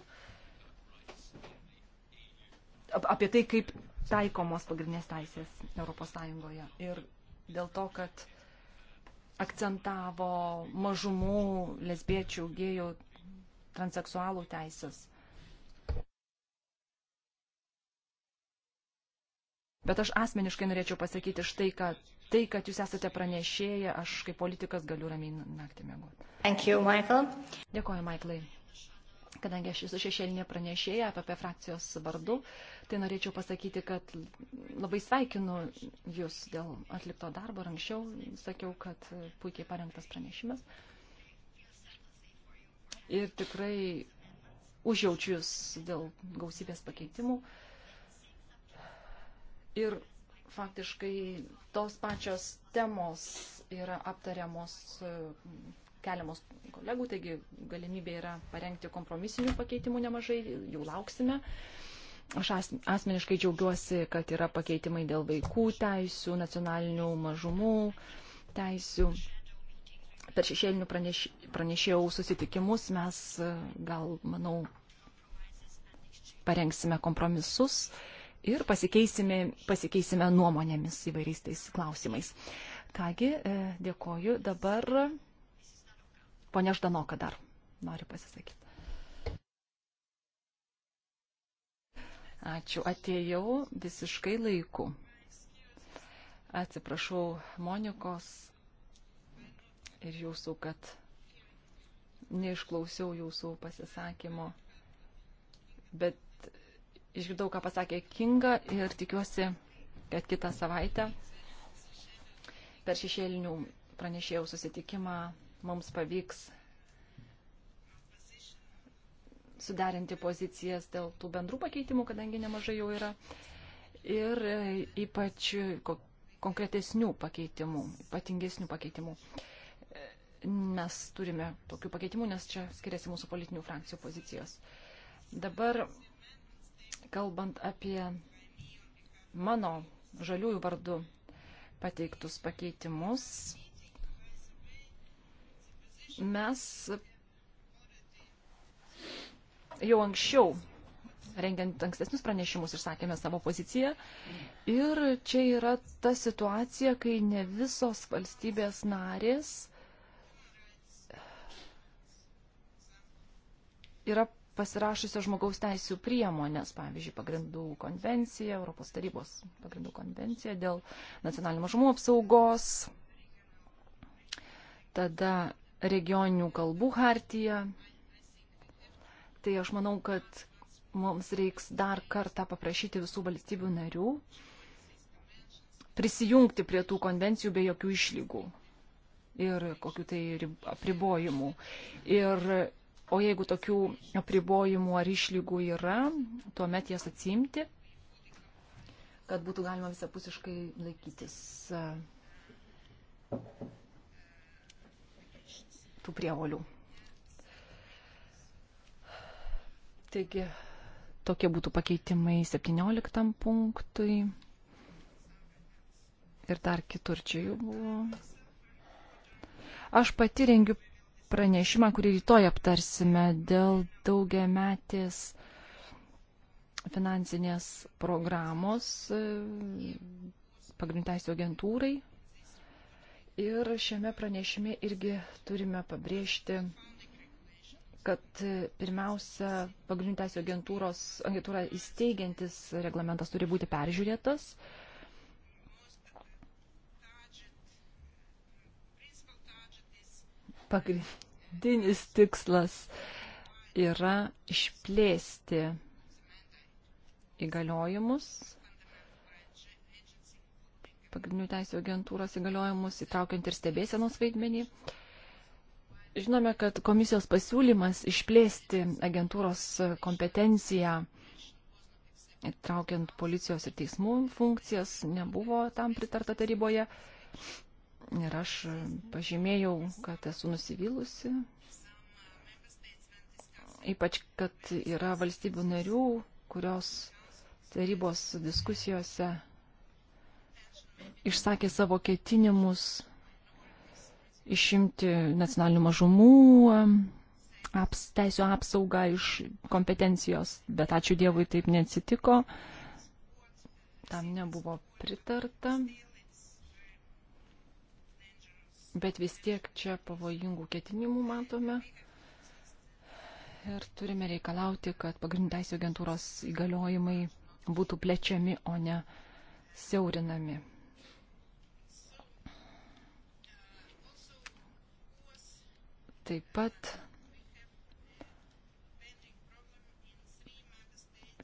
apie tai, kaip taikomos pagrindinės teisės Europos Sąjungoje. Ir dėl to, kad akcentavo mažumų, lesbiečių, gėjų, transseksualų teisės. Bet aš asmeniškai norėčiau pasakyti štai, kad tai, kad jūs esate pranešėję, aš kaip politikas galiu ramiai naktį mėgoti. Dėkuoju, Michaelai kadangi aš esu šešėlinė pranešėja apie frakcijos vardu, tai norėčiau pasakyti, kad labai sveikinu Jūs dėl atlikto darbo. Anksčiau sakiau, kad puikiai parengtas pranešimas. Ir tikrai užjaučiu Jūs dėl gausybės pakeitimų. Ir faktiškai tos pačios temos yra aptariamos keliamos kolegų, taigi galimybė yra parengti kompromisinių pakeitimų nemažai, jų lauksime. Aš asmeniškai džiaugiuosi, kad yra pakeitimai dėl vaikų teisų, nacionalinių mažumų teisų. Per šešėlinių praneš, pranešėjų susitikimus mes gal, manau, parengsime kompromisus ir pasikeisime, pasikeisime nuomonėmis įvairiais tais klausimais. Kągi, e, dėkoju. Dabar Pone Ždanoka dar nori pasisakyti. Ačiū, atėjau visiškai laiku. Atsiprašau Monikos ir jūsų, kad neišklausiau jūsų pasisakymo, bet išgirdau, ką pasakė Kinga ir tikiuosi, kad kitą savaitę per šešėlinių pranešėjų susitikimą mums pavyks suderinti pozicijas dėl tų bendrų pakeitimų, kadangi nemažai jau yra. Ir e, ypač e, konkretesnių pakeitimų, ypatingesnių pakeitimų. E, mes turime tokių pakeitimų, nes čia skiriasi mūsų politinių frakcijų pozicijos. Dabar, kalbant apie mano žaliųjų vardų pateiktus pakeitimus, Mes jau anksčiau, rengiant ankstesnius pranešimus, išsakėme savo poziciją. Ir čia yra ta situacija, kai ne visos valstybės narės yra pasirašusio žmogaus teisų priemonės, pavyzdžiui, pagrindų konvencija, Europos tarybos pagrindų konvencija dėl nacionalinių mažumų apsaugos, tada regioninių kalbų hartiją. Tai aš manau, kad mums reiks dar kartą paprašyti visų valstybių narių prisijungti prie tų konvencijų be jokių išlygų ir kokiu tai apribojimu. Ir, o jeigu tokių apribojimų ar išlygų yra, tuomet jas atsimti, kad būtų galima visapusiškai laikytis. Uh, tų prievolių. Taigi, tokie būtų pakeitimai 17 punktui. Ir dar kitur čia jų buvo. Aš pati rengiu pranešimą, kurį rytoj aptarsime dėl daugiametės finansinės programos e, pagrindinės agentūrai Ir šiame pranešime irgi turime pabrėžti, kad pirmiausia, pagrindinių teisų agentūros agentūra įsteigiantis reglamentas turi būti peržiūrėtas. Pagrindinis tikslas yra išplėsti įgaliojimus pagrindinių teisų agentūros įgaliojimus, įtraukiant ir stebėsenos vaidmenį. Žinome, kad komisijos pasiūlymas išplėsti agentūros kompetenciją, įtraukiant policijos ir teismų funkcijas, nebuvo tam pritarta taryboje. Ir aš pažymėjau, kad esu nusivylusi. Ypač, kad yra valstybių narių, kurios tarybos diskusijose išsakė savo ketinimus išimti nacionalinių mažumų aps, teisų apsaugą iš kompetencijos, bet ačiū Dievui taip neatsitiko, tam nebuvo pritarta. Bet vis tiek čia pavojingų ketinimų matome ir turime reikalauti, kad pagrindais agentūros įgaliojimai būtų plečiami, o ne siaurinami. Taip pat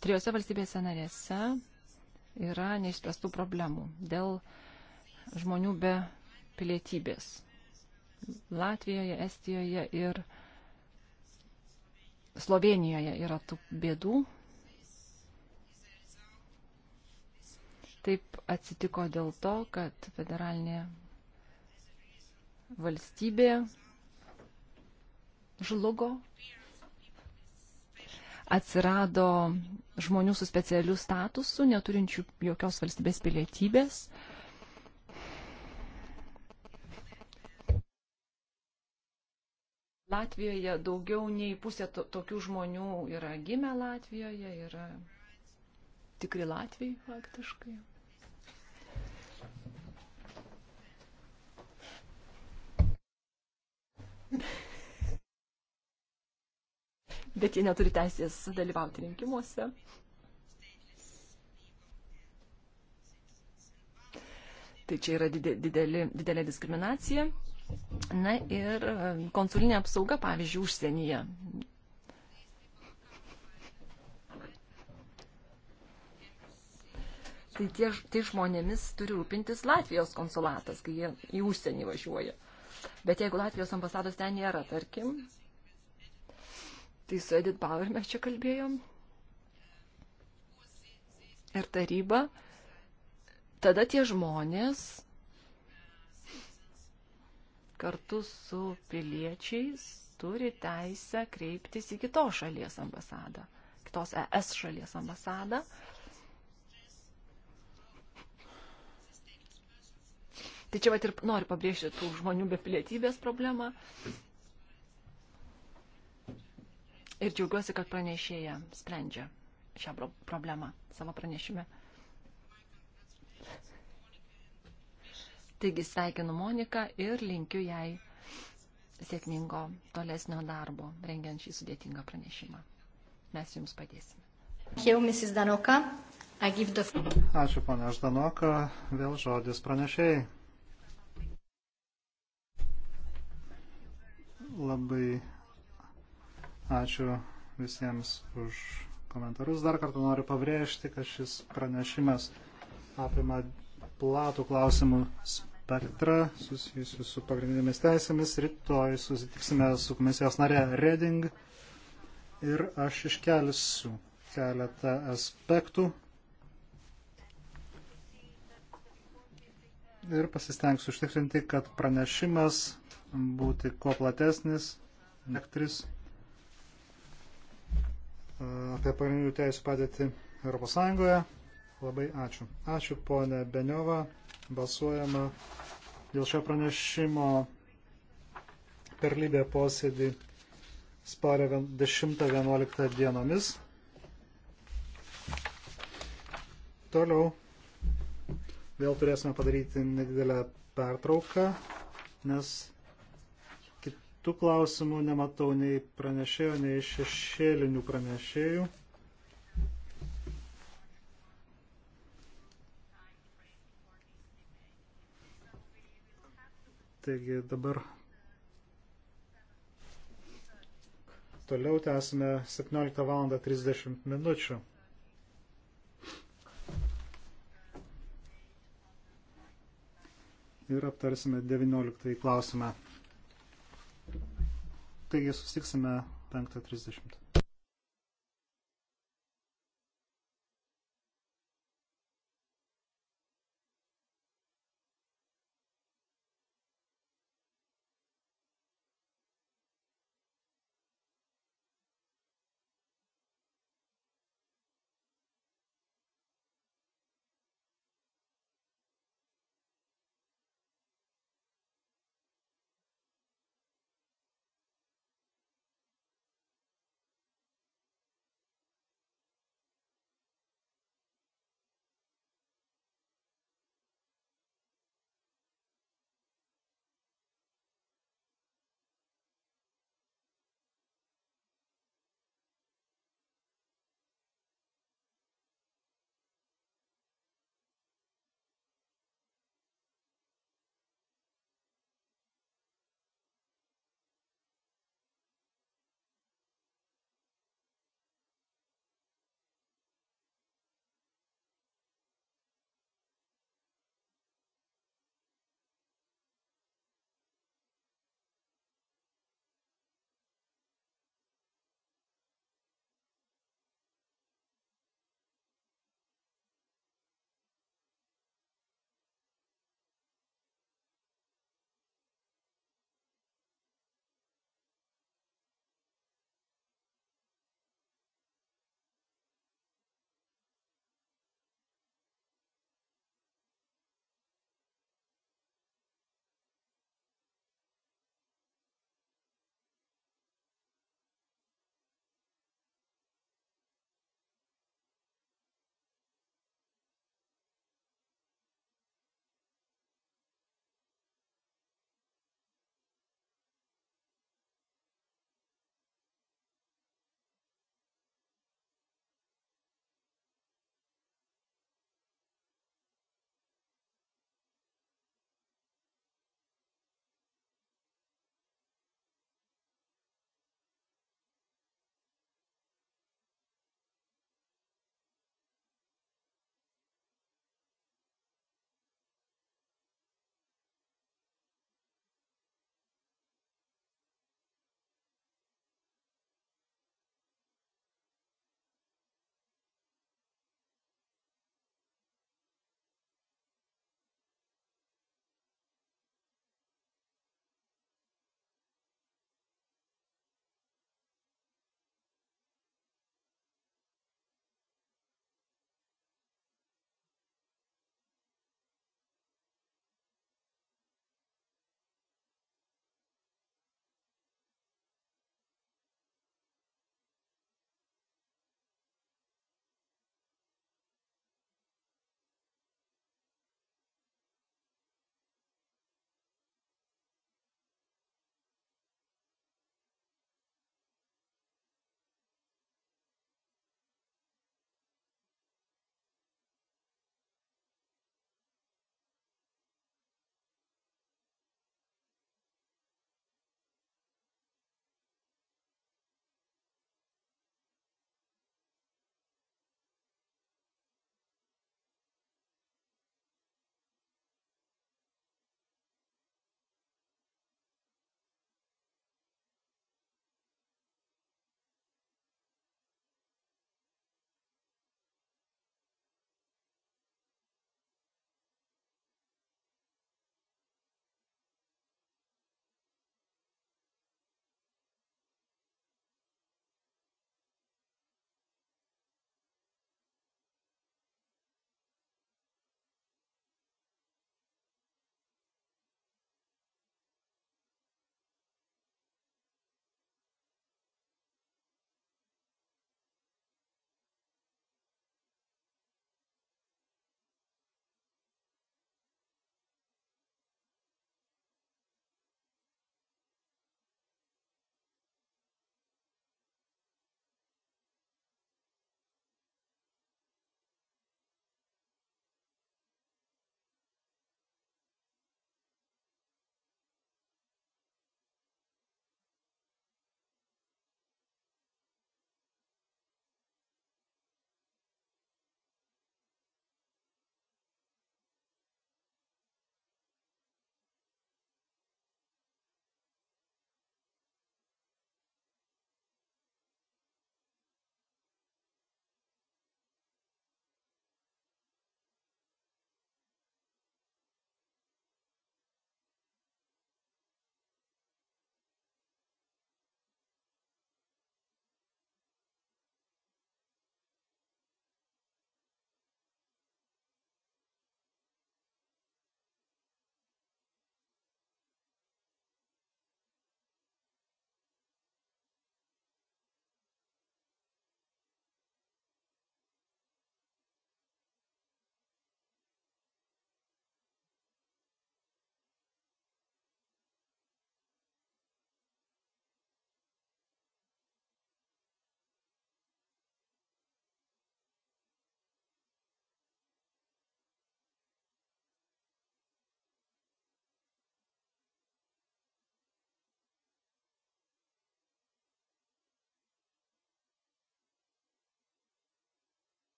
trijose valstybėse narėse yra neišspręstų problemų dėl žmonių be pilietybės. Latvijoje, Estijoje ir Slovenijoje yra tų bėdų. Taip atsitiko dėl to, kad federalinė valstybė žlugo, atsirado žmonių su specialiu statusu, neturinčių jokios valstybės pilietybės. Latvijoje daugiau nei pusė to, tokių žmonių yra gimę Latvijoje, yra tikri Latvijai faktiškai. Yeah bet jie neturi teisės dalyvauti rinkimuose. Tai čia yra didelė, didelė diskriminacija. Na ir e, konsulinė apsauga, pavyzdžiui, užsienyje. Tai tie, tai žmonėmis turi rūpintis Latvijos konsulatas, kai jie į užsienį važiuoja. Bet jeigu Latvijos ambasados ten nėra, tarkim, Tai su Edith Bauer mes čia kalbėjom. Ir taryba. Tada tie žmonės kartu su piliečiais turi teisę kreiptis į kitos šalies ambasadą, kitos ES šalies ambasadą. Tai čia vat ir noriu pabrėžti tų žmonių be pilietybės problemą. Ir džiaugiuosi, kad pranešėja sprendžia šią problemą savo pranešime. Taigi sveikinu Moniką ir linkiu jai sėkmingo tolesnio darbo, rengiant šį sudėtingą pranešimą. Mes jums padėsime. Jau, Mrs. Danoka, the... Ačiū, ponia Ždanoka. Vėl žodis pranešėjai. Labai Ačiū visiems už komentarus. Dar kartą noriu pabrėžti, kad šis pranešimas apima platų klausimų spektrą susijusiu su pagrindinėmis teisėmis. Rytoj susitiksime su komisijos nare Reding ir aš iškelsiu keletą aspektų ir pasistengsiu užtikrinti, kad pranešimas būti kuo platesnis, nektris apie pagrindinių teisų padėtį ES. Labai ačiū. Ačiū ponė Beniova. Balsuojama dėl šio pranešimo per Libę posėdį spalio 10-11 dienomis. Toliau vėl turėsime padaryti nedidelę pertrauką, nes Kitų klausimų nematau nei pranešėjų, nei šešėlinių pranešėjų. Taigi dabar toliau tęsime 17 val. 30 minučių. Ir aptarsime 19 klausimą. Taigi susitiksime 5.30.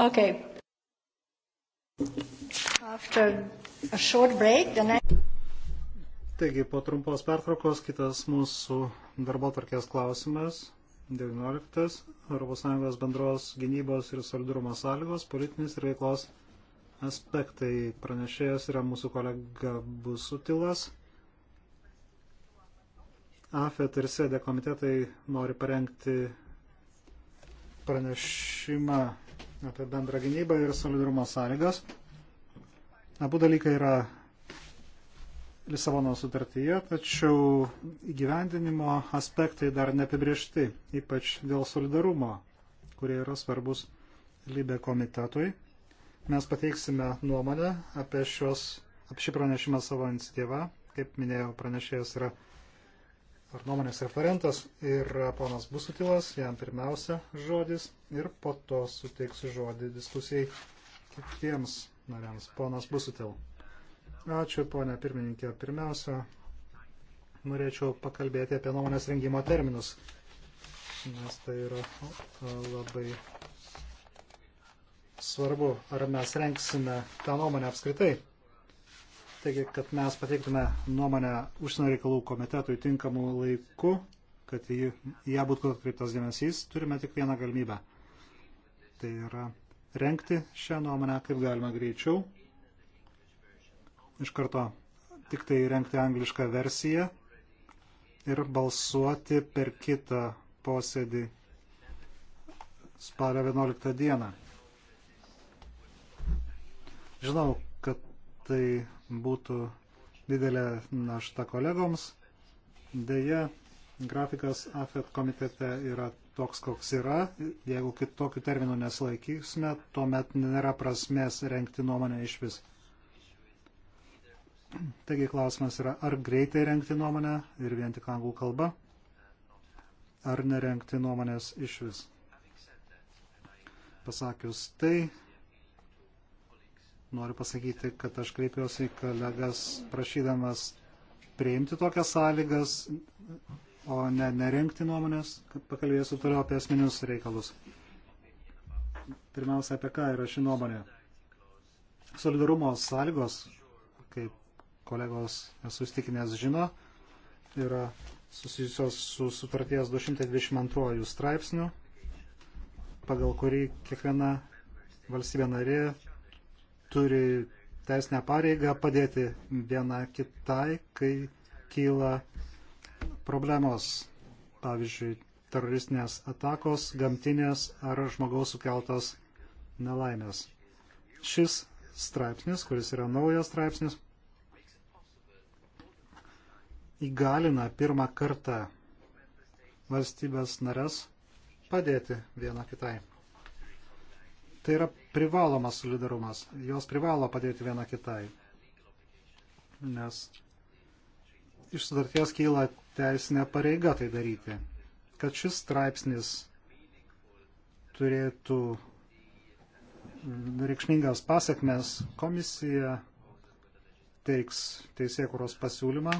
Okay. After a short break, the next... Taigi, po trumpos pertraukos kitas mūsų darbo tvarkės klausimas. 19. ES bendros gynybos ir solidarumo sąlygos, politinis ir veiklos aspektai. Pranešėjas yra mūsų kolega Busutilas. AFET ir SEDE komitetai nori parengti pranešimą apie bendrą gynybą ir solidarumo sąlygas. Abu dalykai yra Lisabono sutartyje, tačiau įgyvendinimo aspektai dar neapibriešti, ypač dėl solidarumo, kurie yra svarbus Libė komitetui. Mes pateiksime nuomonę apie, šios, apie šį pranešimą savo iniciatyvą. Kaip minėjau, pranešėjas yra ar nuomonės referentas yra ponas Busutilas, jam pirmiausia žodis ir po to suteiksiu žodį diskusijai kitiems nariams. Ponas Busutil. Ačiū, ponė pirmininkė. Pirmiausia, norėčiau pakalbėti apie nuomonės rengimo terminus, nes tai yra labai svarbu, ar mes renksime tą nuomonę apskritai. Taigi, kad mes pateiktume nuomonę užsienio reikalų komitetui tinkamų laikų, kad į ją būtų atkreiptas dėmesys, turime tik vieną galimybę. Tai yra renkti šią nuomonę kaip galima greičiau. Iš karto tik tai renkti anglišką versiją ir balsuoti per kitą posėdį spalio 11 dieną. Žinau, kad tai būtų didelė našta kolegoms. Deja, grafikas AFET komitete yra toks, koks yra. Jeigu kitokių terminų nesilaikysime, tuomet nėra prasmės renkti nuomonę iš vis. Taigi klausimas yra, ar greitai renkti nuomonę ir vien tik anglų kalba, ar nerenkti nuomonės iš vis. Pasakius tai, noriu pasakyti, kad aš kreipiuosi į kolegas prašydamas priimti tokias sąlygas, o ne nerenkti nuomonės, kad pakalbėsiu toliau apie esminius reikalus. Pirmiausia, apie ką yra ši nuomonė. Solidarumo sąlygos, kaip kolegos esu stikinęs žino, yra susijusios su sutarties 222 straipsniu, pagal kurį kiekviena valstybė narė turi teisinę pareigą padėti viena kitai, kai kyla problemos, pavyzdžiui, teroristinės atakos, gamtinės ar žmogaus sukeltos nelaimės. Šis straipsnis, kuris yra naujas straipsnis, įgalina pirmą kartą valstybės nares padėti viena kitai. Tai yra privalomas solidarumas. Jos privalo padėti viena kitai. Nes iš sudarties kyla teisinė pareiga tai daryti. Kad šis straipsnis turėtų reikšmingas pasiekmes, komisija teiks teisėkuros pasiūlymą,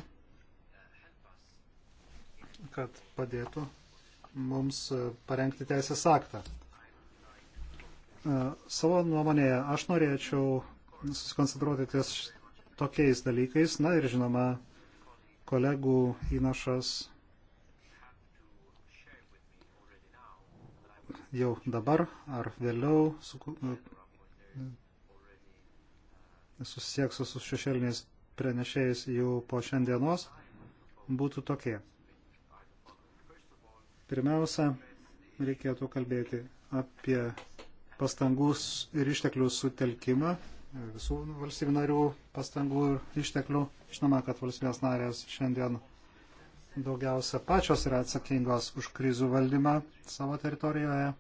kad padėtų mums parengti teisės aktą. E, savo nuomonėje aš norėčiau susikoncentruoti ties tokiais dalykais. Na ir žinoma, kolegų įnašas jau dabar ar vėliau su, e, susisieksiu su šešėliniais pranešėjais jau po šiandienos būtų tokie. Pirmiausia, reikėtų kalbėti apie pastangų ir išteklių sutelkimą, visų valstybių narių pastangų ir išteklių. Žinoma, kad valstybės narės šiandien daugiausia pačios yra atsakingos už krizių valdymą savo teritorijoje,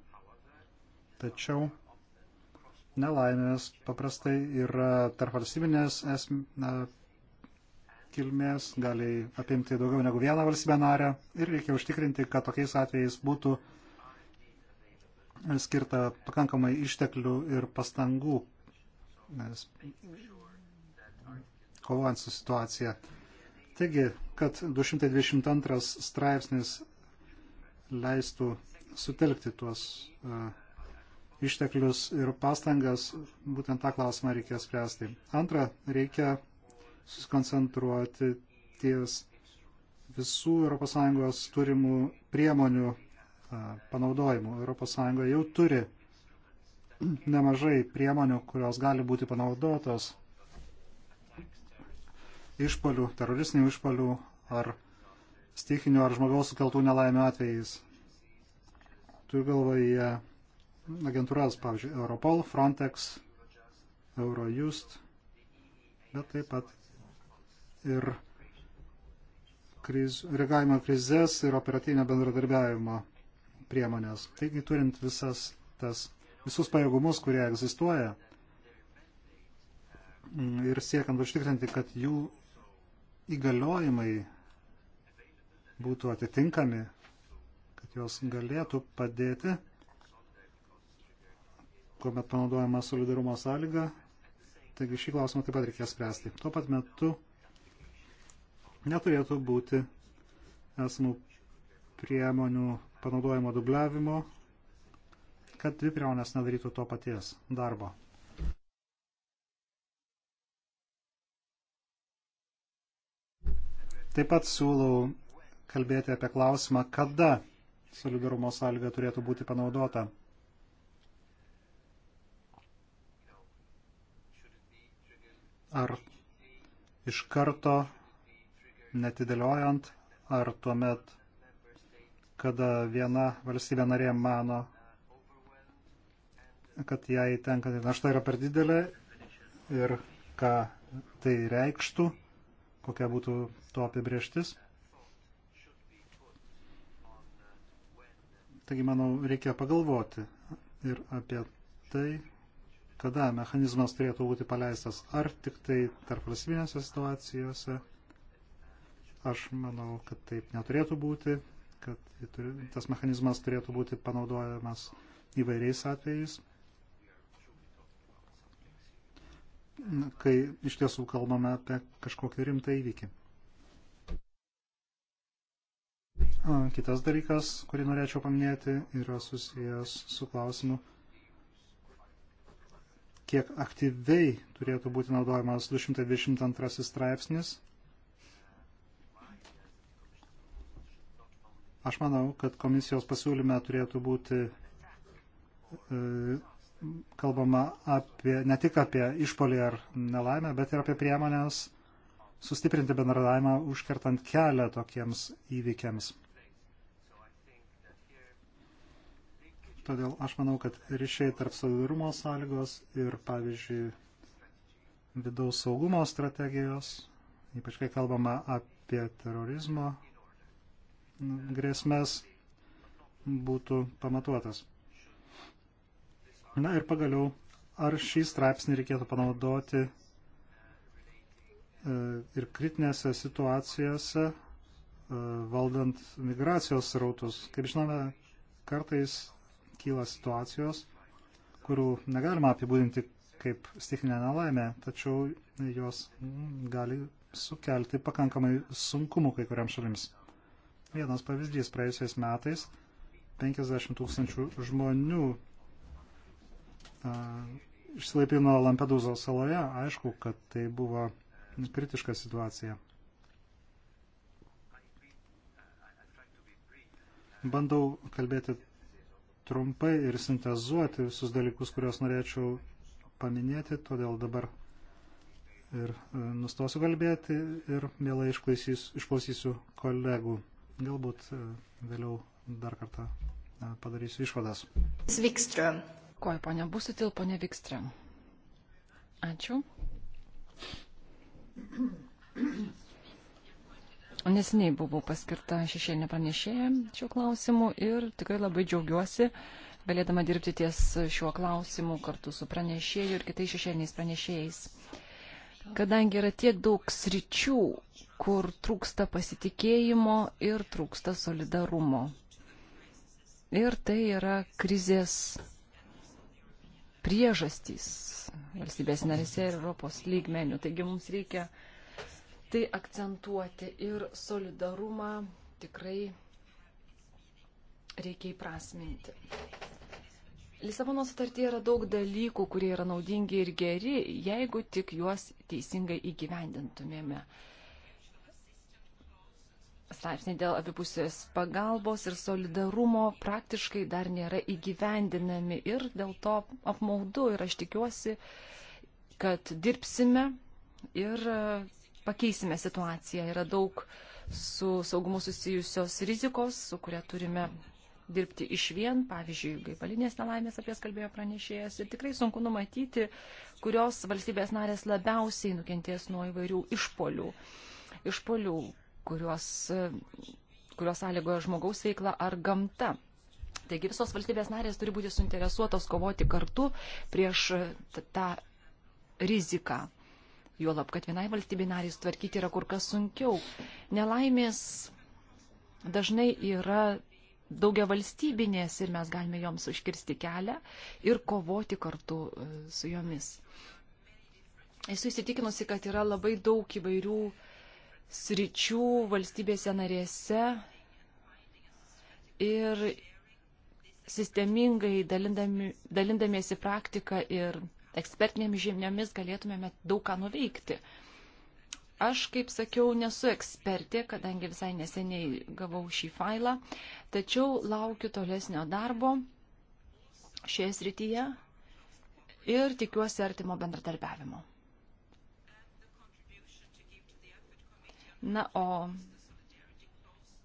tačiau nelaimės paprastai yra tarpvalstybinės kilmės, gali apimti daugiau negu vieną valstybę narę ir reikia užtikrinti, kad tokiais atvejais būtų skirta pakankamai išteklių ir pastangų nes, kovojant su situacija. Taigi, kad 222 straipsnis leistų sutelkti tuos uh, išteklius ir pastangas, būtent tą klausimą reikia spręsti. Antra, reikia susikoncentruoti ties visų ES turimų priemonių panaudojimu. ES jau turi nemažai priemonių, kurios gali būti panaudotos išpolių, teroristinių išpolių ar stikinių ar žmogaus sukeltų nelaimę atvejais. Turiu galvoje agentūras, pavyzdžiui, Europol, Frontex, Eurojust, bet taip pat ir kriz, reagavimo krizės ir operatyvinio bendradarbiavimo priemonės. Taigi turint visas tas, visus pajėgumus, kurie egzistuoja mm, ir siekiant užtikrinti, kad jų įgaliojimai būtų atitinkami, kad jos galėtų padėti, kuomet panaudojama solidarumo sąlyga. Taigi šį klausimą taip pat reikės spręsti. Tuo pat metu neturėtų būti esamų priemonių panaudojimo dubliavimo, kad dvi priemonės nedarytų to paties darbo. Taip pat siūlau kalbėti apie klausimą, kada solidarumo sąlyga turėtų būti panaudota. Ar iš karto netidėliojant, ar tuomet kada viena valstybė narė mano, kad jai tenkanti našta yra per didelė ir ką tai reikštų, kokia būtų to apibrieštis. Taigi, manau, reikia pagalvoti ir apie tai, kada mechanizmas turėtų būti paleistas, ar tik tai tarp valstybinėse situacijose. Aš manau, kad taip neturėtų būti, kad tai turi, tas mechanizmas turėtų būti panaudojamas įvairiais atvejais, kai iš tiesų kalbame apie kažkokį rimtą įvykį. Kitas dalykas, kurį norėčiau paminėti, yra susijęs su klausimu, kiek aktyviai turėtų būti naudojamas 222 straipsnis Aš manau, kad komisijos pasiūlyme turėtų būti e, kalbama apie, ne tik apie išpolį ar nelaimę, bet ir apie priemonės sustiprinti bendradavimą, užkertant kelią tokiems įvykiams. Todėl aš manau, kad ryšiai tarp solidarumo sąlygos ir, pavyzdžiui, vidaus saugumo strategijos, ypač kai kalbama apie terorizmo grėsmės būtų pamatuotas. Na ir pagaliau, ar šį straipsnį reikėtų panaudoti e, ir kritinėse situacijose e, valdant migracijos srautus. Kaip žinome, kartais kyla situacijos, kurių negalima apibūdinti kaip stichinė nelaimė, tačiau jos gali sukelti pakankamai sunkumų kai kuriam šalims. Vienas pavyzdys praėjusiais metais 50 tūkstančių žmonių a, išsilaipino Lampedūzo saloje. Aišku, kad tai buvo kritiška situacija. Bandau kalbėti trumpai ir sintezuoti visus dalykus, kuriuos norėčiau paminėti, todėl dabar ir e, nustosiu kalbėti ir mielai išklausysiu, išklausysiu kolegų. Galbūt e, vėliau dar kartą e, padarysiu išvadas. Vikström. Koja, ponia Busutil, ponia Vikström. Ačiū. Nesiniai buvau paskirta šešėlinė pranešėja šiuo klausimu ir tikrai labai džiaugiuosi galėdama dirbti ties šiuo klausimu kartu su pranešėju ir kitais šešėliniais pranešėjais. Kadangi yra tiek daug sričių, kur trūksta pasitikėjimo ir trūksta solidarumo. Ir tai yra krizės priežastys valstybės narėse ir Europos lygmenių. Taigi mums reikia tai akcentuoti ir solidarumą tikrai reikia įprasminti. Lisabono sutartyje yra daug dalykų, kurie yra naudingi ir geri, jeigu tik juos teisingai įgyvendintumėme straipsniai dėl abipusės pagalbos ir solidarumo praktiškai dar nėra įgyvendinami ir dėl to apmaudu ir aš tikiuosi, kad dirbsime ir e, pakeisime situaciją. Yra daug su saugumu susijusios rizikos, su kuria turime dirbti iš vien, pavyzdžiui, gaivalinės nelaimės, apie jas kalbėjo pranešėjas, ir tikrai sunku numatyti, kurios valstybės narės labiausiai nukentės nuo įvairių išpolių. Išpolių kurios, kurios sąlygoja žmogaus veikla ar gamta. Taigi visos valstybės narės turi būti suinteresuotos kovoti kartu prieš tą riziką. Juolab, kad vienai valstybei nariai sutvarkyti yra kur kas sunkiau. Nelaimės dažnai yra daugia valstybinės ir mes galime joms užkirsti kelią ir kovoti kartu e, su jomis. Esu įsitikinusi, kad yra labai daug įvairių uh, sričių valstybėse narėse ir sistemingai dalindami, dalindamiesi praktiką ir ekspertinėmis žiniomis galėtumėme daug ką nuveikti. Aš, kaip sakiau, nesu ekspertė, kadangi visai neseniai gavau šį failą, tačiau laukiu tolesnio darbo šioje srityje ir tikiuosi artimo bendradarbiavimo. Na, o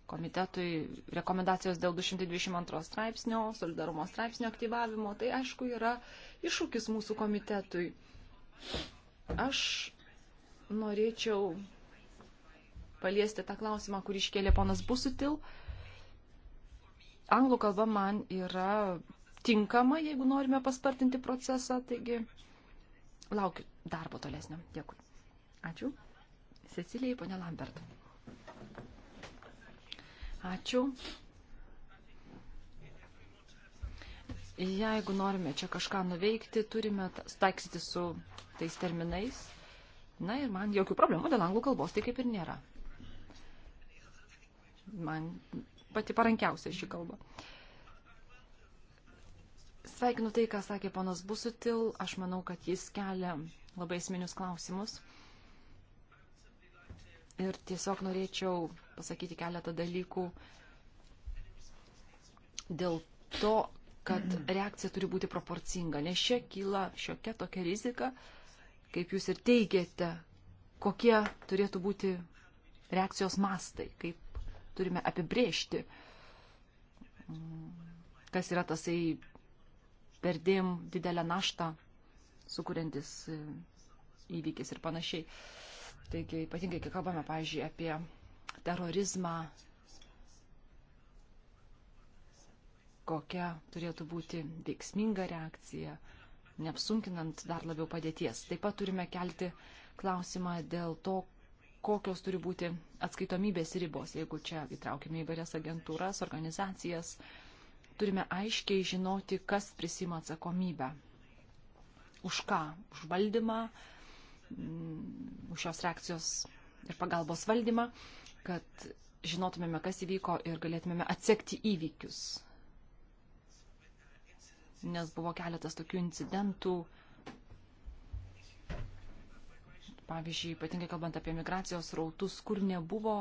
komitetui rekomendacijos dėl 222 straipsnio, solidarumo straipsnio aktyvavimo, tai aišku yra iššūkis mūsų komitetui. Aš norėčiau paliesti tą klausimą, kurį iškėlė ponas Busutil. Anglų kalba man yra tinkama, jeigu norime paspartinti procesą, taigi laukiu darbo tolesnio. Dėkui. Ačiū. Cecilijai, ponė Lambert. Ačiū. Jeigu norime čia kažką nuveikti, turime staiksyti su tais terminais. Na ir man jokių problemų dėl anglų kalbos tai kaip ir nėra. Man pati parankiausia ši kalba. Sveikinu tai, ką sakė ponas Busutil. Aš manau, kad jis kelia labai esminius klausimus. Ir tiesiog norėčiau pasakyti keletą dalykų dėl to, kad reakcija turi būti proporcinga, nes čia kyla šiokia tokia rizika, kaip jūs ir teigiate, kokie turėtų būti reakcijos mastai, kaip turime apibrėžti, kas yra tasai perdėm didelę naštą sukūrintis įvykis ir panašiai. Taigi, ypatingai, kai kalbame, pažiūrėjau, apie terorizmą, kokia turėtų būti veiksminga reakcija, neapsunkinant dar labiau padėties. Taip pat turime kelti klausimą dėl to, kokios turi būti atskaitomybės ribos, jeigu čia įtraukime įvairias agentūras, organizacijas, turime aiškiai žinoti, kas prisima atsakomybę. Už ką? Už valdymą, Mm, už šios reakcijos ir pagalbos valdymą, kad žinotumėme, kas įvyko ir galėtumėme atsekti įvykius. Nes buvo keletas tokių incidentų, pavyzdžiui, ypatingai kalbant apie migracijos rautus, kur nebuvo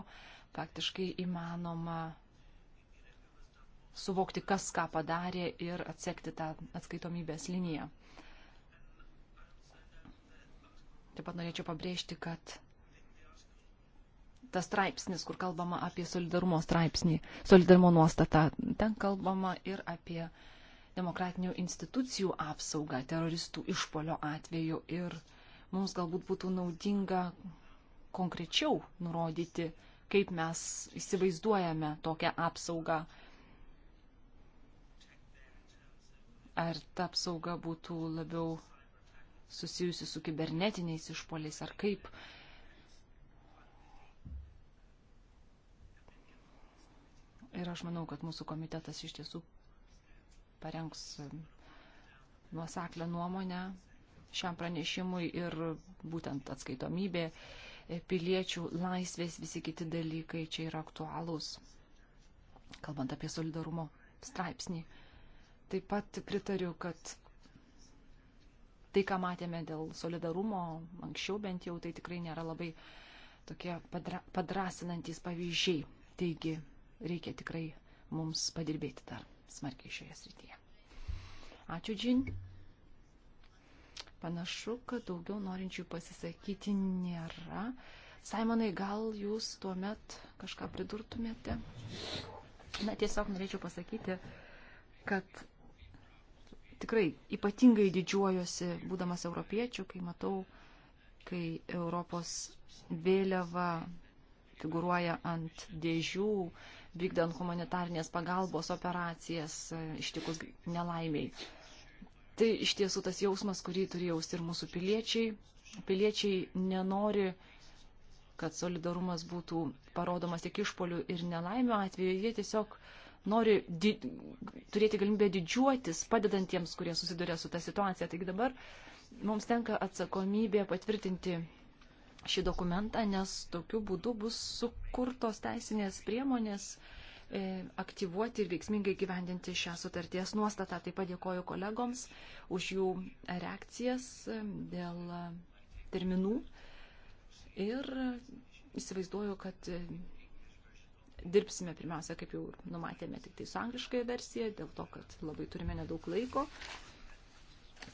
faktiškai įmanoma suvokti, kas ką padarė ir atsekti tą atskaitomybės liniją. Taip pat norėčiau pabrėžti, kad tas straipsnis, kur kalbama apie solidarumo straipsnį, solidarumo nuostatą, ten kalbama ir apie demokratinių institucijų apsaugą teroristų išpolio atveju ir mums galbūt būtų naudinga konkrečiau nurodyti, kaip mes įsivaizduojame tokią apsaugą. Ar ta apsauga būtų labiau susijusi su kibernetiniais išpoliais ar kaip. Ir aš manau, kad mūsų komitetas iš tiesų parengs nuoseklę nuomonę šiam pranešimui ir būtent atskaitomybė, e, piliečių laisvės, visi kiti dalykai čia yra aktualūs, kalbant apie solidarumo straipsnį. Taip pat pritariu, kad tai, ką matėme dėl solidarumo, anksčiau bent jau, tai tikrai nėra labai tokie padra, padrasinantis pavyzdžiai. Taigi reikia tikrai mums padirbėti dar smarkiai šioje srityje. Ačiū, Džin. Panašu, kad daugiau norinčių pasisakyti nėra. Simonai, gal jūs tuo met kažką pridurtumėte? Na, tiesiog norėčiau pasakyti, kad tikrai ypatingai didžiuojuosi, būdamas europiečių, kai matau, kai Europos vėliava figuruoja ant dėžių, vykdant humanitarnės pagalbos operacijas e, ištikus nelaimiai. Tai iš tiesų tas jausmas, kurį turi jausti ir mūsų piliečiai. Piliečiai nenori, kad solidarumas būtų parodomas tik išpolių ir nelaimių atveju. Jie tiesiog uh, nori di turėti galimybę didžiuotis padedantiems, kurie susiduria su tą situacija. Taigi dabar mums tenka atsakomybė patvirtinti šį dokumentą, nes tokiu būdu bus sukurtos teisinės priemonės e, aktyvuoti ir veiksmingai gyvendinti šią sutarties nuostatą. Taip pat dėkoju kolegoms už jų reakcijas e, dėl e, terminų ir įsivaizduoju, kad e, dirbsime pirmiausia, kaip jau numatėme, tik tai su angliškai versija, dėl to, kad labai turime nedaug laiko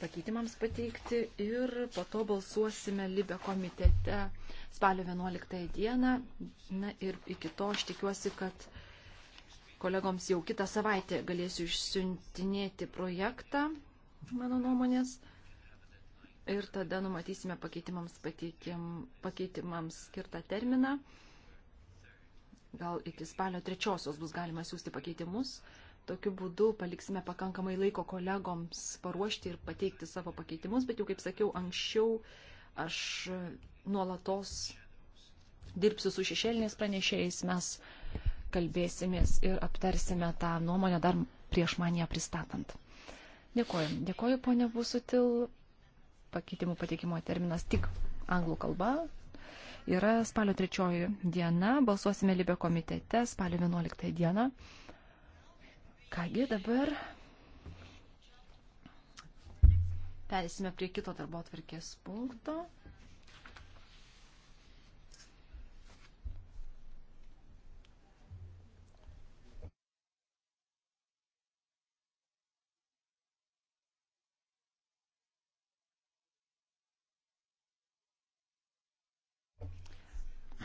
pakeitimams pateikti ir po to balsuosime Libe komitete spalio 11 dieną. Na ir iki to aš tikiuosi, kad kolegoms jau kitą savaitę galėsiu išsiuntinėti projektą mano nuomonės ir tada numatysime pakeitimams, pateikim, pakeitimams skirtą terminą. Gal iki spalio trečiosios bus galima siūsti pakeitimus. Tokiu būdu paliksime pakankamai laiko kolegoms paruošti ir pateikti savo pakeitimus, bet jau, kaip sakiau, anksčiau aš nuolatos dirbsiu su šešėliniais pranešėjais, mes kalbėsimės ir aptarsime tą nuomonę dar prieš man ją pristatant. Dėkuoju. Dėkuoju, ponia Busutil. Pakeitimų pateikimo terminas tik anglų kalba, yra spalio 3 diena, balsuosime Libė komitete spalio 11 dieną. Kągi dabar perėsime prie kito darbo atvarkės punkto.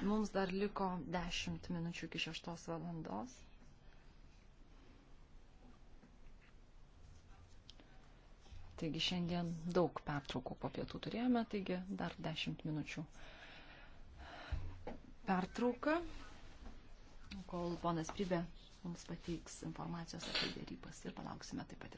Mums dar liko 10 minučių iki 6 valandos. Taigi šiandien daug pertraukų po pietų turėjome, taigi dar 10 minučių pertrauką, kol ponas Pribė mums pateiks informacijos apie dėrybas ir palauksime taip pat.